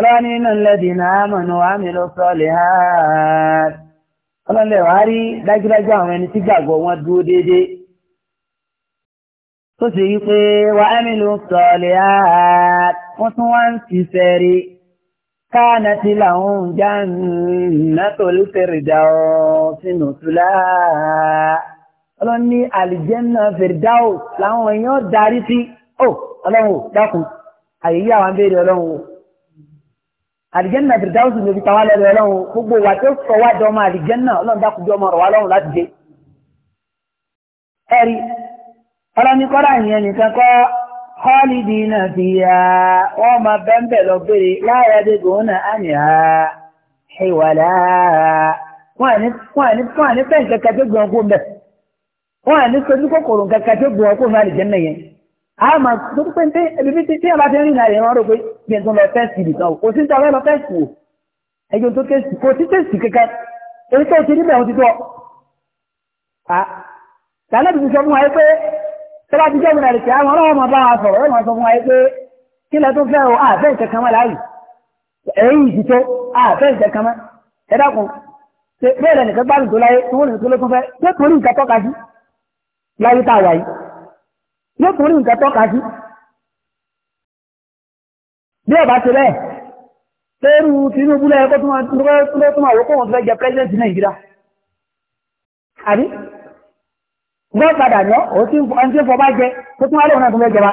ọlọ́ni inú lẹ́dì náà mọ̀nà wà mí ló sọ lè ha ọlọ́lẹ̀ wà á rí dájúdájú àwọn ẹni tí gbàgbọ́ wọn dúró déédéé tó sì yí pé wà á mí ló sọ lè ha wọ́n tún wá ń ṣiṣẹ́ rí káànà tí làwọn jáǹnà àlìjẹ́nà fìdáwùsì ló fi tàwa lẹ́rù ọlọ́run gbogbo wa tó sọ wá di ọmọ àlìjẹ́nà ọlọ́run dákun bí ọmọ rọ̀ wá lọ́run láti dé. ẹ̀rí ọlọ́nikọ́ra ìyẹn nìkan kọ́ khalidina fiha wọ́n máa bẹ́ńbẹ̀ lọ béèrè láàyè dégbòó náà àníhà ṣèwàlá. wọ́n àní fẹ́ǹ tó gbọ́n kó mẹ́ wọ́n àní sojú kòkòrò kẹ́kẹ́ tó gbọ́n kó mẹ́ àlìjẹ́nà yẹn a máa tó pé tí ẹbí tí tí ẹ̀bá ti rìn náà ìran rò pé bí ẹ̀ tó lọ tẹ́sì ìbì kan kò sí ti ọ̀rẹ́ lọ tẹ́sì o ẹjọ́ tó tẹ́sì kò sí tẹ́sì kẹ́kẹ́ èyí tó ti níbẹ̀ òtítọ́ tààlẹ́ ti sọ fún wa pé tẹ́lá ti jẹ́ ìrìnàlẹ̀ tí àwọn ọlọ́wọ́ máa bá wa sọ̀rọ̀ ẹ̀ máa sọ fún wa pé kí lẹ tó fẹ́ o àfẹ́ ìtẹ̀kan mọ́ láàyè èyí ti tó àfẹ́ ìtẹ̀kan mọ́ ẹ dákun bẹ́ẹ̀ lẹ́nìkan gbádùn tó láyé tó wọ́n lè tó lé fún fẹ́ tó torí nǹkan tọ́ka sí láyé tá a wà yìí yóò tún rí nǹkan tọ́ka sí bí ọba ti rẹ̀ tẹ́rù Tinubu lẹ́yẹ kó tún máa wókó wọn fẹ́ jẹ pẹ́sidẹ̀ntì Nàìjíríà àbí gọ́ọ̀padà ní ọ́ tí ń fọ́ bá jẹ kó tún alẹ́ ọ̀nà tó fẹ́ jẹba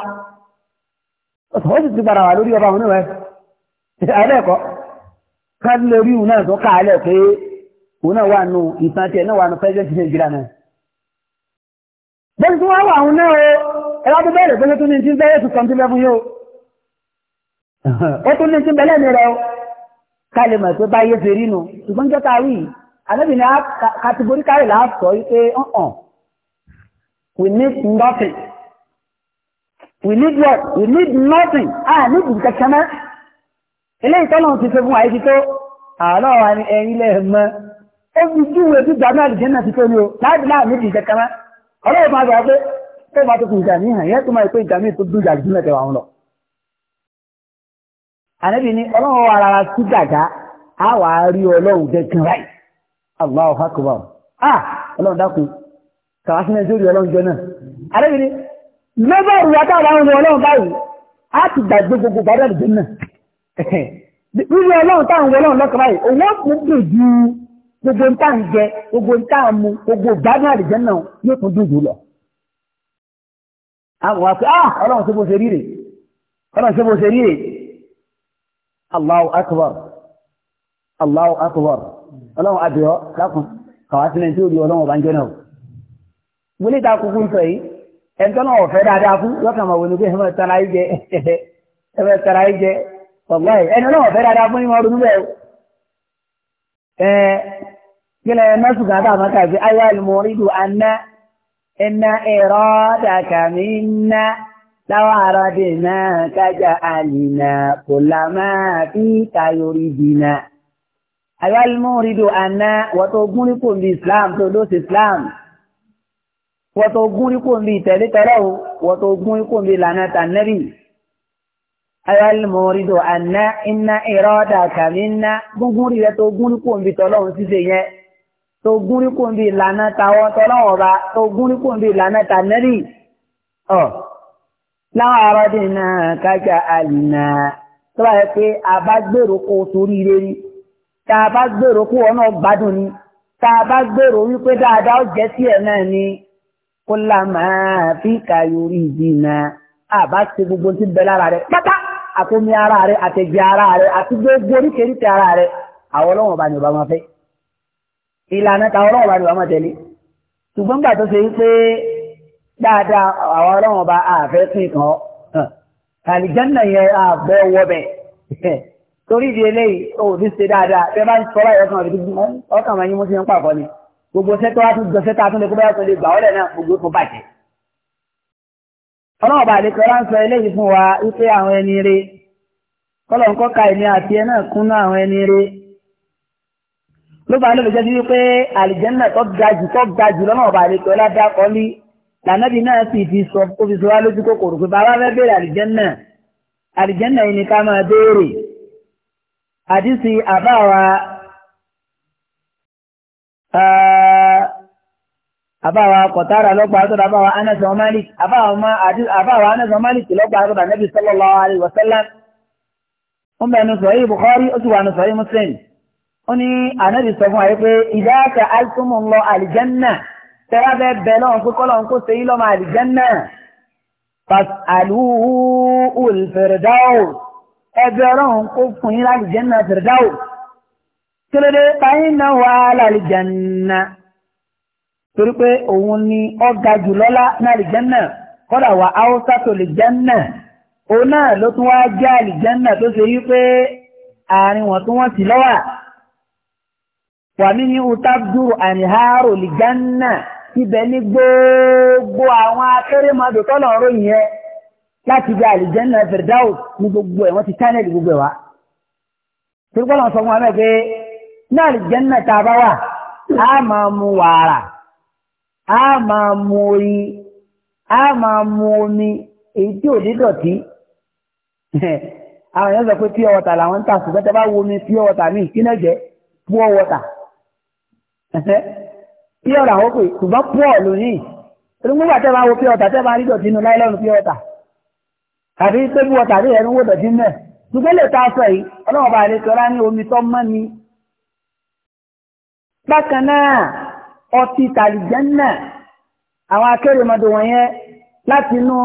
ó sì ti gbàrà wà lórí ọba òní rẹ̀ ẹ̀ẹ́dẹ́kọ́ káàdì lórí òun náà tó káàlẹ̀ pé òun náà wà nù bẹ́ẹ̀ tí wọ́n wà òun náà ẹwà tó bẹ̀rẹ̀ pé tó ní tí ń bẹ̀rẹ̀ tó kàn tí lẹ́fún yóò ó tún ní tí ń bẹ̀rẹ̀ mi rẹ̀ ó kálẹ̀ mọ̀ pé báyé fèrí nu ṣùgbọ́n jọ́ta rí anábìnrin kàtìgórí kárẹ̀ là á sọ pé ọ̀hàn we need nothing we need what we need nothing a ní ìdìbò kẹkẹ mẹ́ ilé ìtọ́nà ti fẹ́ fún àyè ti tó àlọ́ ẹ̀yìn lẹ́ẹ̀mọ́ ó fi júwèé tí gbàgbọ́ àdìjẹ́ náà ti tó ní o láàbì láàbì ìdìbò kẹkẹ mẹ́ ọlọ́run máa gbà pé tẹ́lẹ̀ bá tó fi ìjà níhàn yẹn tó máa pé ìjà míì tó dùn ìjà jù mẹ́tẹ̀ wà ń lọ. ànábì ni ọlọ́run wa rárá sí gàgá á wà á rí ọlọ́run gẹ́gẹ́ ráì Allahu akbar á ọlọ́run dákun kàwá sí mẹ́tẹ́ orí ọlọ́run jọ náà. ànábì ni lọ́bọ̀rù wa táwọn àwọn ọlọ́run báyìí á ti gbàgbé gbogbo bàdà lùdẹ́ náà. nínú ọlọ́run táwọn ọlọ́run lọ́kọ̀ báyìí òun ó kún dùn ju gbogbo ń tà ń jẹ gbogbo ń tà ń mu gbogbo gbádùn àdìjẹ́ náà yóò tún dùn jù àwọn wá pé ah ọlọ́run ṣe bó ṣe rí rè ọlọ́run ṣe bó ṣe rí rè Allahu akbar Allahu akbar ọlọ́run àbíọ́ lákùn kàwá sílẹ̀ tí ó rí ọlọ́run ọba ń jẹ́ náà wọlé ta kúkú ń sọ yìí ẹ̀ńtọ́ náà ọ̀fẹ́ dáadáa fún lọ́kàn máa wọlé sí [laughs] ayé إن إرادك منا لو أردناك جعلنا كل ما فيك يريدنا أيها المورد أن وتغنيكم بالإسلام تدوس إسلام وتغنيكم بتلتله وتغنيكم بلعنة النبي أيها المورد أن إن إرادك منا بغنيكم بتلوه سيسيه tó gún rí kò ń bí ìlànà tàwọn tọ́lọ́wọ́ bá tó gún rí kò ń bí ìlànà tànẹ́rì ọ̀ láwọn àròdì náà kájà àlìnà tó bá yẹ pé a bá gbèrò kó torí ire ni tá a bá gbèrò kó ọ̀nà gbádùn ni tá a bá gbèrò wípé dáadáa ó jẹ́ sí ẹ̀ náà ni kó là máa fi kàyórí ìdìnnà àbá ṣe gbogbo tí ń bẹ lára rẹ pátá àtomi ara rẹ àtẹ̀jẹ̀ ara rẹ àti gbogbo oríkèéríkèé ara rẹ àwọn ọlọ́wọ̀n ọba ni ọba máa fẹ́ ìlànà tàwọn ọlọ́run ọba ni wàá máa tẹ̀lé ṣùgbọ́n gbà tó ṣe wípé dáadáa àwọn ọlọ́run ọba àfẹ́ pín kan àlìjánà yẹn àbẹ́ wọbẹ̀ torí ìdí eléyìí ò ní ṣe dáadáa tẹ bá ń sọ báyìí ọkàn òbí ọkàn máa yín mú sí ń pàkọ́ ni gbogbo sẹ́tọ́ wá tún jọ sẹ́tọ́ àtúndé kó bá yàtọ̀ lè gbà ọ́lẹ̀ náà gbogbo tó bàjẹ́. ọlọ́run ọba àlekọ́ ọlá ń sọ eléyìí fún wa wípé àwọn ẹni rè kọ́lọ̀ ń kọ́ka ẹni àti ẹ náà kún náà àwọn ẹni rè ló bá lóbi jẹ́jú wípé àlìjẹ́nà tó ga jù tó ga jù lọ́nà ọba àlejò ọládàkọ́ ní lànàbí náà sì fi sọ kó fi sọ wá lójú kòkòrò pé bàbá fẹ́ béèrè àlìjẹ́nà àlìjẹ́nà yìí ni ká máa béèrè àdìsí àbáwa àbáwa kọ̀tara lọ́gbà àtọ́dọ̀ àbáwa anásán malik àbáwa anásán malik lọ́gbà àtọ́dọ̀ ànábì sallallahu alaihi wasallam wọ́n bẹ̀rẹ̀ nù sọ̀rọ̀ Bukhari ó ti wà nù sọ̀rọ̀ Muslim ó ní ànábì sọ fún àyè pé ìdáàkà altumu lọ àlìjánná tẹ́lá bẹ́ẹ̀ bẹ́ẹ̀ lọ́wọ́n pé kọ́lọ́n kó sẹ́yìn lọ́mọ àlìjánná fasalúhu ulfirdaus ẹbẹ̀ ọlọ́run kó fún yín lálìjánná firdaus kílódé báyìí náà wà lálìjánná torí pé òun ni ó ga jù lọ́lá ní kọ́dà wà áwùsá tó lìjánná òun náà ló tún wá jẹ́ àlìjánná tó ṣe yí pé àárín wọn tó wọ́n ti lọ́wọ́ wàmí ní utabduru àníhàrò lìjánà ibẹ̀ ní gbogbo àwọn akérèmọdò tọ́lọ̀ ọ̀rọ̀ yẹn láti bí àlìjánà Firdaus ní gbogbo ẹ̀ wọ́n ti channel gbogbo ẹ̀ wá. torípọ́ lọ́n sọ fún wa mẹ́ pé ní àlìjánà tá a bá wà á máa mu wàrà á máa mu oyin á máa mu omi èyí tí ò ní dọ̀tí àwọn èèyàn sọ pé pure water làwọn ń tà ṣùgbọ́n tẹ bá wo omi pure water míì kí náà jẹ́ pure water ẹ̀fẹ́ pure àwọn pè ṣùgbọ́n pure lónìí olùgbòǹgbà tẹ́ máa wo pure ọ̀tà tẹ́ máa rí dọ̀tí inú láìlọ́nù pure ọ̀tà àti tébù ọ̀tà rí ẹ̀rú wò dọ̀tí mẹ́ ṣùgbọ́n lè ta sọ yìí ọlọ́run bá lè tọ́lá ní omi tó mọ́ ni. bákan náà ọtí tàlìjẹ́nà àwọn akérèmọdò wọ̀nyẹn láti inú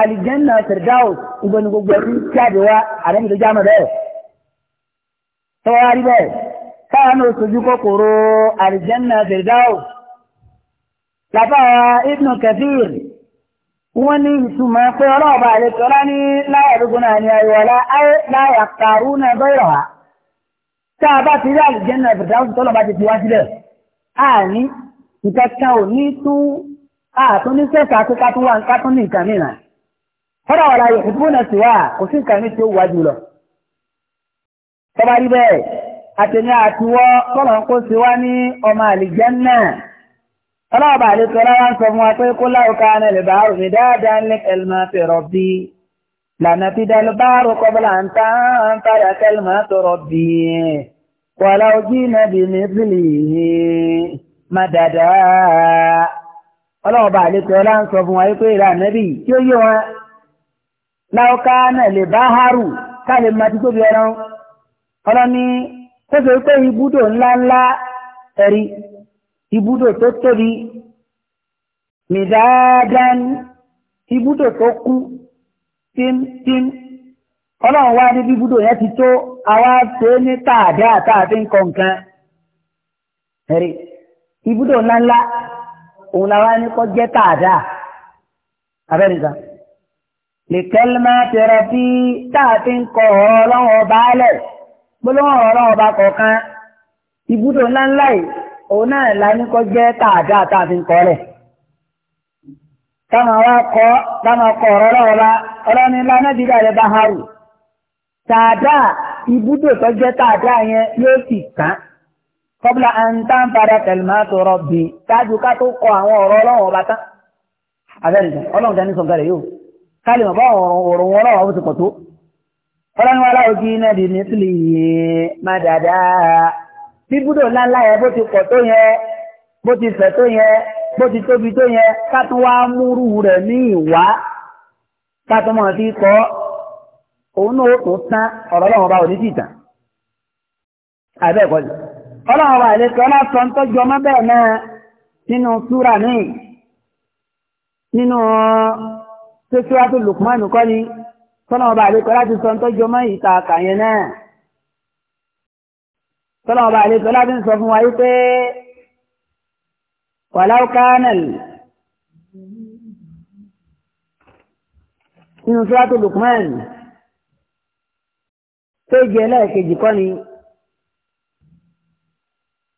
àlìjẹ́nà Firdaus ìgbóni gbogbo ẹbí tí àdéhà àdéhùn tó bẹ́ẹ̀ tọ́wọ́ káwọn oṣojú kòkòrò àlìjẹ́nà fèrèdáwò làbára ibnu kathir wọ́n ní ìtumọ̀ pé ọlọ́ọ̀bà àlejòrá ní láyàdúgbòna ní àríwọ̀lá láyà kàrú náà bẹ́rọ̀ ha tá a bá ti rí àlìjẹ́nà fèrèdáwò tọ́lọ̀ bá ti fi wá sílẹ̀ àní ìkẹta ò ní tún àtúníṣẹ́ta tó ká bẹ́ẹ̀ àtẹ̀mí àtiwọ́ kọ́lọ̀ kó sí wá ní ọmọ àlìjẹ́nà ọlọ́ọ̀bà àlejò ọlọ́wà ń sọ fún wa pé kó láwùká ní ẹ̀lẹ́bà àrùn mi dáadáa ní ẹlmà fẹ̀rọ̀ bí lànà fi dá lọ́bà àrùn kọ́bọ̀là ń tà ń padà kẹlmà tọrọ bí wàlá ojú nàbì ní bìlì má dáadáa ọlọ́ọ̀bà àlejò ọlá ń sọ fún wa pé ìrànẹ́bì tí ó yé wọn láwùká ní ẹ̀lẹ́bà àrùn káàlẹ̀ má tó ṣe pé ibùdó ńláńlá ẹ̀rí ibùdó tó tóbi nìdáadáa ibùdó tó kú tíntím ọlọ́run wá ní bíbúdó yẹn ti tó àwa tó ní tààdá àtààdé nǹkan nǹkan ẹ̀rí ibùdó ńláńlá òun làwa ní kọ́ jẹ́ tààdá abẹ́nìgbà lè kẹ́lí máa bí tààdé nǹkan ọ̀rọ̀ ọlọ́run ọba alẹ́. gbólóhùn ọ̀rọ̀ ọba kọ̀ọ̀kan ibùdó ńláńlá yìí òun náà láyé jẹ́ tààdá tààfin kọ́ rẹ̀ kọ́ ọ̀rọ̀ ọba ọlọ́ni bá harù tààdá ibùdó tó jẹ́ tààdá yẹn yóò sì àǹtán padà tó ká tó àwọn ọ̀rọ̀ ọba tán abẹ́rẹ́ tẹ́ ní yóò ọlọ́run aláwọ̀ jí iná di nítorí yìí má dáadáa bí búdò ńláńlá yẹn bó ti pọ̀ tó yẹn bó ti fẹ̀ tó yẹn bó ti tóbi tó yẹn ká tún wá múrú rẹ̀ ní ìwá ká tún mọ̀ sí kọ́ òun náà ó tún tán ọ̀rọ̀ ọlọ́run ọba òní sì tàn àbẹ́ẹ̀kọ́ ọlọ́run ọba àlejò ọlọ́sọ ń tọ́jú ọmọ bẹ́ẹ̀ náà nínú súrà míì nínú tó súrà kọ́ ni. tọ́lá ọba àlekọ́ láti sọ tó jọmọ́ ìta àkàyẹn náà tọ́lá ọba àlekọ́ láti sọ fún wa wípé wàláwó kánẹ̀l nínú sọ́látò Lukman tó jẹ lẹ́ẹ̀kejì kọ́ ni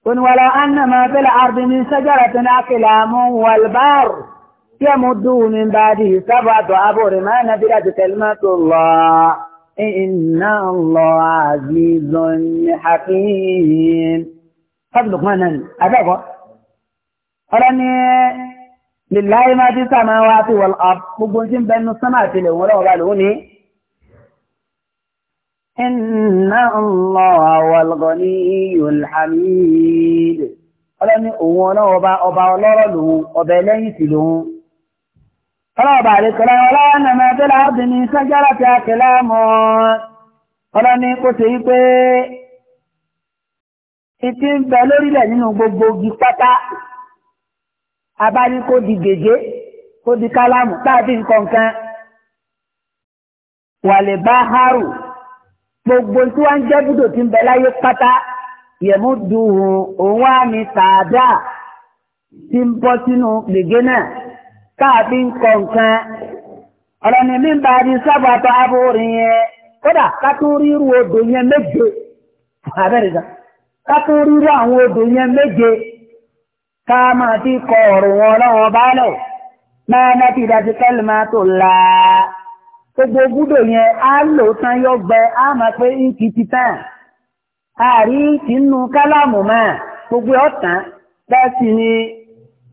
oníwàlá annama fẹ́lẹ̀ ardi min sajaratin akila mun wal bar. يمدوا من بعده سبعة أبر ما نفذت كلمة الله إن الله عزيز حكيم قد لقمان أدعوه ọlọ́ni lìláyé máa ti sàmà wá sí wọ́n ọ̀p gbogbo tí ń bẹnu sánmà àti ilẹ̀ òun lọ́wọ́ bá lòun ní. Inna Allaha wal Ghaniyyul Hamid. ọlọ́ni òun ọlọ́wọ́ bá ọba ọlọ́rọ̀ lòun ọbẹ̀ lẹ́yìn sí lòun ọlọ́ọ̀bà àríkọlá ọlọ́wọ́ nàmà abẹ́lá ọdún sọ́jọ́rọ̀ ti àkẹlá mọ́ ọlọ́ni kó ṣe yí pé ìtí ń bẹ lórílẹ̀ nínú gbogbo ogi pátá abáni kó di gègé kó di kálámù táàbí nǹkan kan wàlẹ̀ bá hárù gbogbo tí wọ́n ń jẹ́ búdò tí ń bẹ láyé pátá yẹ̀mú dùn òun wá ní tààdà tí ń bọ́ sínú gègé náà. káàbí nǹkan nǹkan ọ̀rọ̀ ni mí ń bá di ẹ kódà kátó ríru odò yẹn méje abẹ́rẹ́dà kátó ríru àwọn odò yẹn méje ká máa kọ ọ̀rọ̀ wọn lọ́wọ́ bá lọ máa ná ti dájú kẹ́lì tó gbogbo yẹn á lò yọ á máa pé ti tán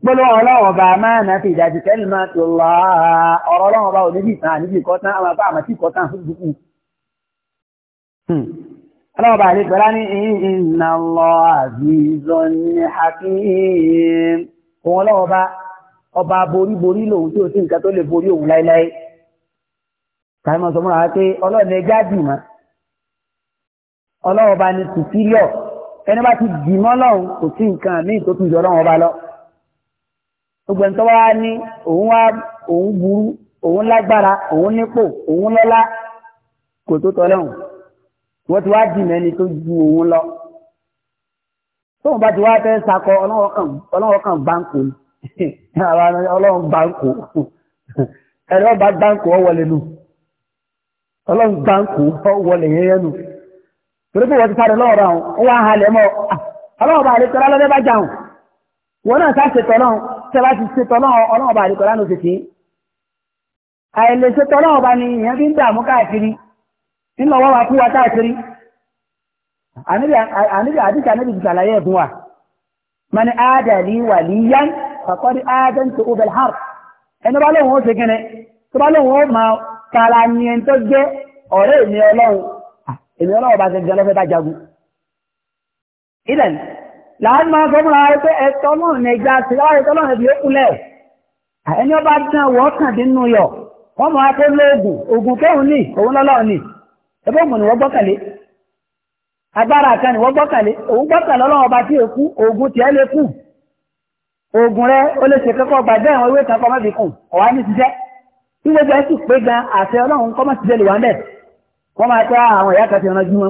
gbọ́lọ́ ọlọ́wọ̀ bá máa náà fi ìdájí kẹ́lìmọ́ tó lọ ọ̀rọ̀ ọlọ́wọ̀ bá oníbì tán àníbì kọ́tán àwọn bá àmà tí kọ́tán fún dùkú. ọlọ́wọ̀ bá àlejò lá ní inna Allaha azizun hakim òun ọlọ́wọ̀ bá ọba boríborí lòun tí ó sì nǹkan tó lè borí òun láéláé. kàìmọ̀ sọ múra pé ọlọ́ọ̀ni ẹja gbogbo ẹni tó wá ní òun wá òun burú òun lágbára òun nípò òun lọ́lá kò tó tọ́ lẹ́hùn wọ́n ti wá dì mẹ́ni tó ju òun lọ tóun bá ti wá fẹ́ sakọ ọlọ́wọ́ kan báńkò [laughs] ọlọ́wọ́ báńkò [laughs] ẹ̀rọ bá báńkò ọ nù ọlọ́wọ́ báńkò ọ wọlé nù torí pé wọ́n ti sáré lọ́wọ́ ra wọ́n á halẹ̀ mọ́ ah, ọlọ́wọ́ bá àlejò rálọ́dẹ́ bá jà wọn náà sá tẹ́lá ti ṣe tọ́lọ́ọ̀bá àríkọ̀ lánàá òṣèṣe àìlèṣe tọ́lọ́ọ̀bá ni ìyẹn fi ń dààmú káàkiri nínú ọwọ́ wa kú wa káàkiri àdíṣà níbi ti ṣàlàyé ẹ̀fún wa mani ádàlí wà líyán fàkọ́rí ádán tó obel har ẹni bá lóun ó ṣe kẹ́nẹ́ tó bá lóun ó máa tara ni ẹni tó jẹ́ ọ̀rẹ́ ah, èmi ọlọ́run èmi ọlọ́run bá ṣe jẹ́ lọ́fẹ́ bá jagun láàrín máa fẹ́ múra wípé ẹ̀tọ́ náà ní ẹja sí láwọn ẹ̀tọ́ náà bí ó kúlẹ̀ ẹni ọba dán wọ́n kàn dín nú yọ wọ́n máa tó lóògùn ògùn kẹ́hùn ní òun lọ́lọ́ ní ẹgbẹ́ mọ̀ ni wọ́n gbọ́kànlé agbára kan ni wọ́n gbọ́kànlé òun gbọ́kànlé ọlọ́run ọba tí èkú ògùn tiẹ̀ lè kù ògùn rẹ ó lè ṣe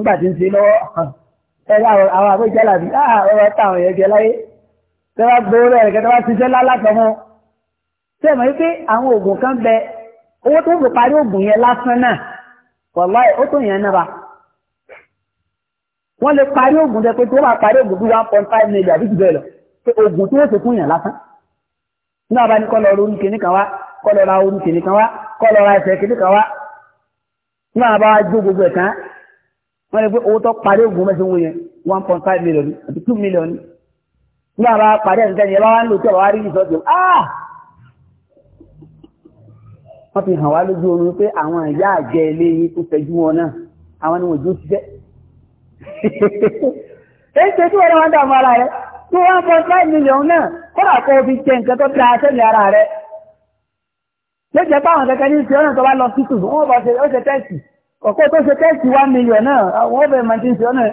kẹ́kọ̀ọ́ ẹ̀rọ àwọn àbójálà bí ah, ọ̀rọ̀ táwọn èèyàn jẹ láyé tẹ́wà gbóòrò ẹ̀rẹ̀ kẹta wá ṣiṣẹ́ lálátọ̀mọ́ tí ẹ̀mọ̀ wípé àwọn oògùn kan bẹ owó tó ń bò parí oògùn yẹn lásán náà wàláì ó tó yẹn náà wọ́n lè parí oògùn tẹ pé tó bá parí oògùn bí one point five million àbí jù bẹ́ẹ̀ lọ pé oògùn tó ṣe fún yẹn lásán ní àbá ní kọ́lọ̀ orí kìíní kan wá kọ́lọ̀ ra orí kìíní kan wá kọ́lọ̀ ra ẹsẹ̀ kìíní kan wá ní àbá wá jó gbogbo ẹ̀ tán wọ́n lè pé owó tó parí ògùn mẹ́sàn-án wọ̀nyẹn one point five million àti two million ní àbá parí ẹ̀ nìkan yẹn bá wà ń lò tí ọ̀rọ̀ wá rí ìsọ́jú ah wọ́n fi hàn wá lójú oorun pé àwọn ìyá àjẹ ilé yìí tó fẹjú wọn náà àwọn ni wọ́n jó ti fẹ́ èyí ṣe tí wọ́n náà wọ́n dààmú ara rẹ̀ tí one point five million náà kọ́nà kó o fi jẹ nǹkan tó da sẹ́mi ara rẹ̀ lójú ẹ̀ pé àwọn kẹ̀kẹ́ ní ìṣẹ́ ọ̀nà tó bá lọ sí ọ̀pọ̀ tó ṣe tẹ́ẹ̀sì wá mílíọ̀n náà àwọn ọ̀bẹ̀ máa ti ń ṣe ọ́nà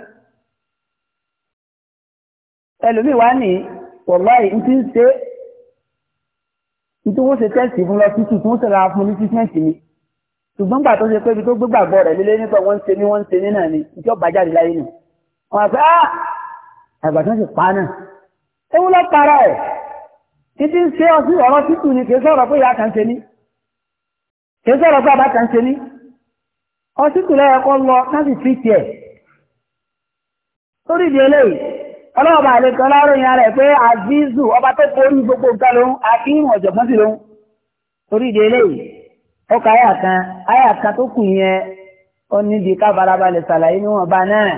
ẹlòmíì wá ní wọ̀láì ń ti ń ṣe nítorí wọ́n ṣe tẹ́ẹ̀sì fún lọ títí tí wọ́n ṣe ra fún ní títímẹ́ǹtì ni ṣùgbọ́n gbà tó ṣe pé ibi tó gbégbàgbọ́ rẹ̀ lélẹ́ nípa wọ́n ń ṣe ní wọ́n ń ṣe ní náà ni ìjọba jáde láyé nù wọ́n ah! àgbà àgbà tó ṣe pa náà ewu lọ para ẹ̀ títí ń ṣe ọ̀rọ̀ títù ni kì í sọ̀rọ̀ pé ìyá kan ṣe ní kì í sọ̀rọ̀ pé àbá kan ṣe ní ọsítù lẹ́yẹ̀kọ́ lọ láti fi tiẹ̀ lórí ìdí eléyìí ọlọ́ọ̀bà àlekọ́ láròyìn ara ẹ̀ pé àzízù ọba tó borí gbogbo nǹkan lòun àti ìmọ̀ ọ̀jọ̀gbọ́n sí lòun lórí ìdí eléyìí ọkọ̀ àyà kan àyà kan tó kù yẹn ó níbi ká farabalẹ̀ ṣàlàyé níwọ̀nba náà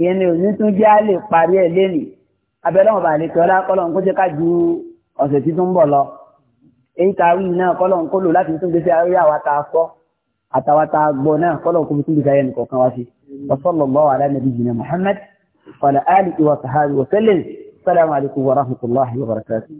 ìyẹn ni òní tún jẹ́ á lè parí ẹ̀ lẹ́nìí abẹ́lẹ́wọ̀nba àlekọ́ lákọ́lọ́n kó jẹ́ ká ju ọ̀sẹ̀ títún bọ̀ lọ èyí tá a wí náà àtàwátà gbọ́ náà kọ́lọ̀ kó tún bìkà yẹn kọ̀ọ̀kan wá sí wasallallahu ala nabiyyina muhammad wa ala alihi wa sahbihi wa sallam salamu alaykum wa rahmatullahi wa barakatuh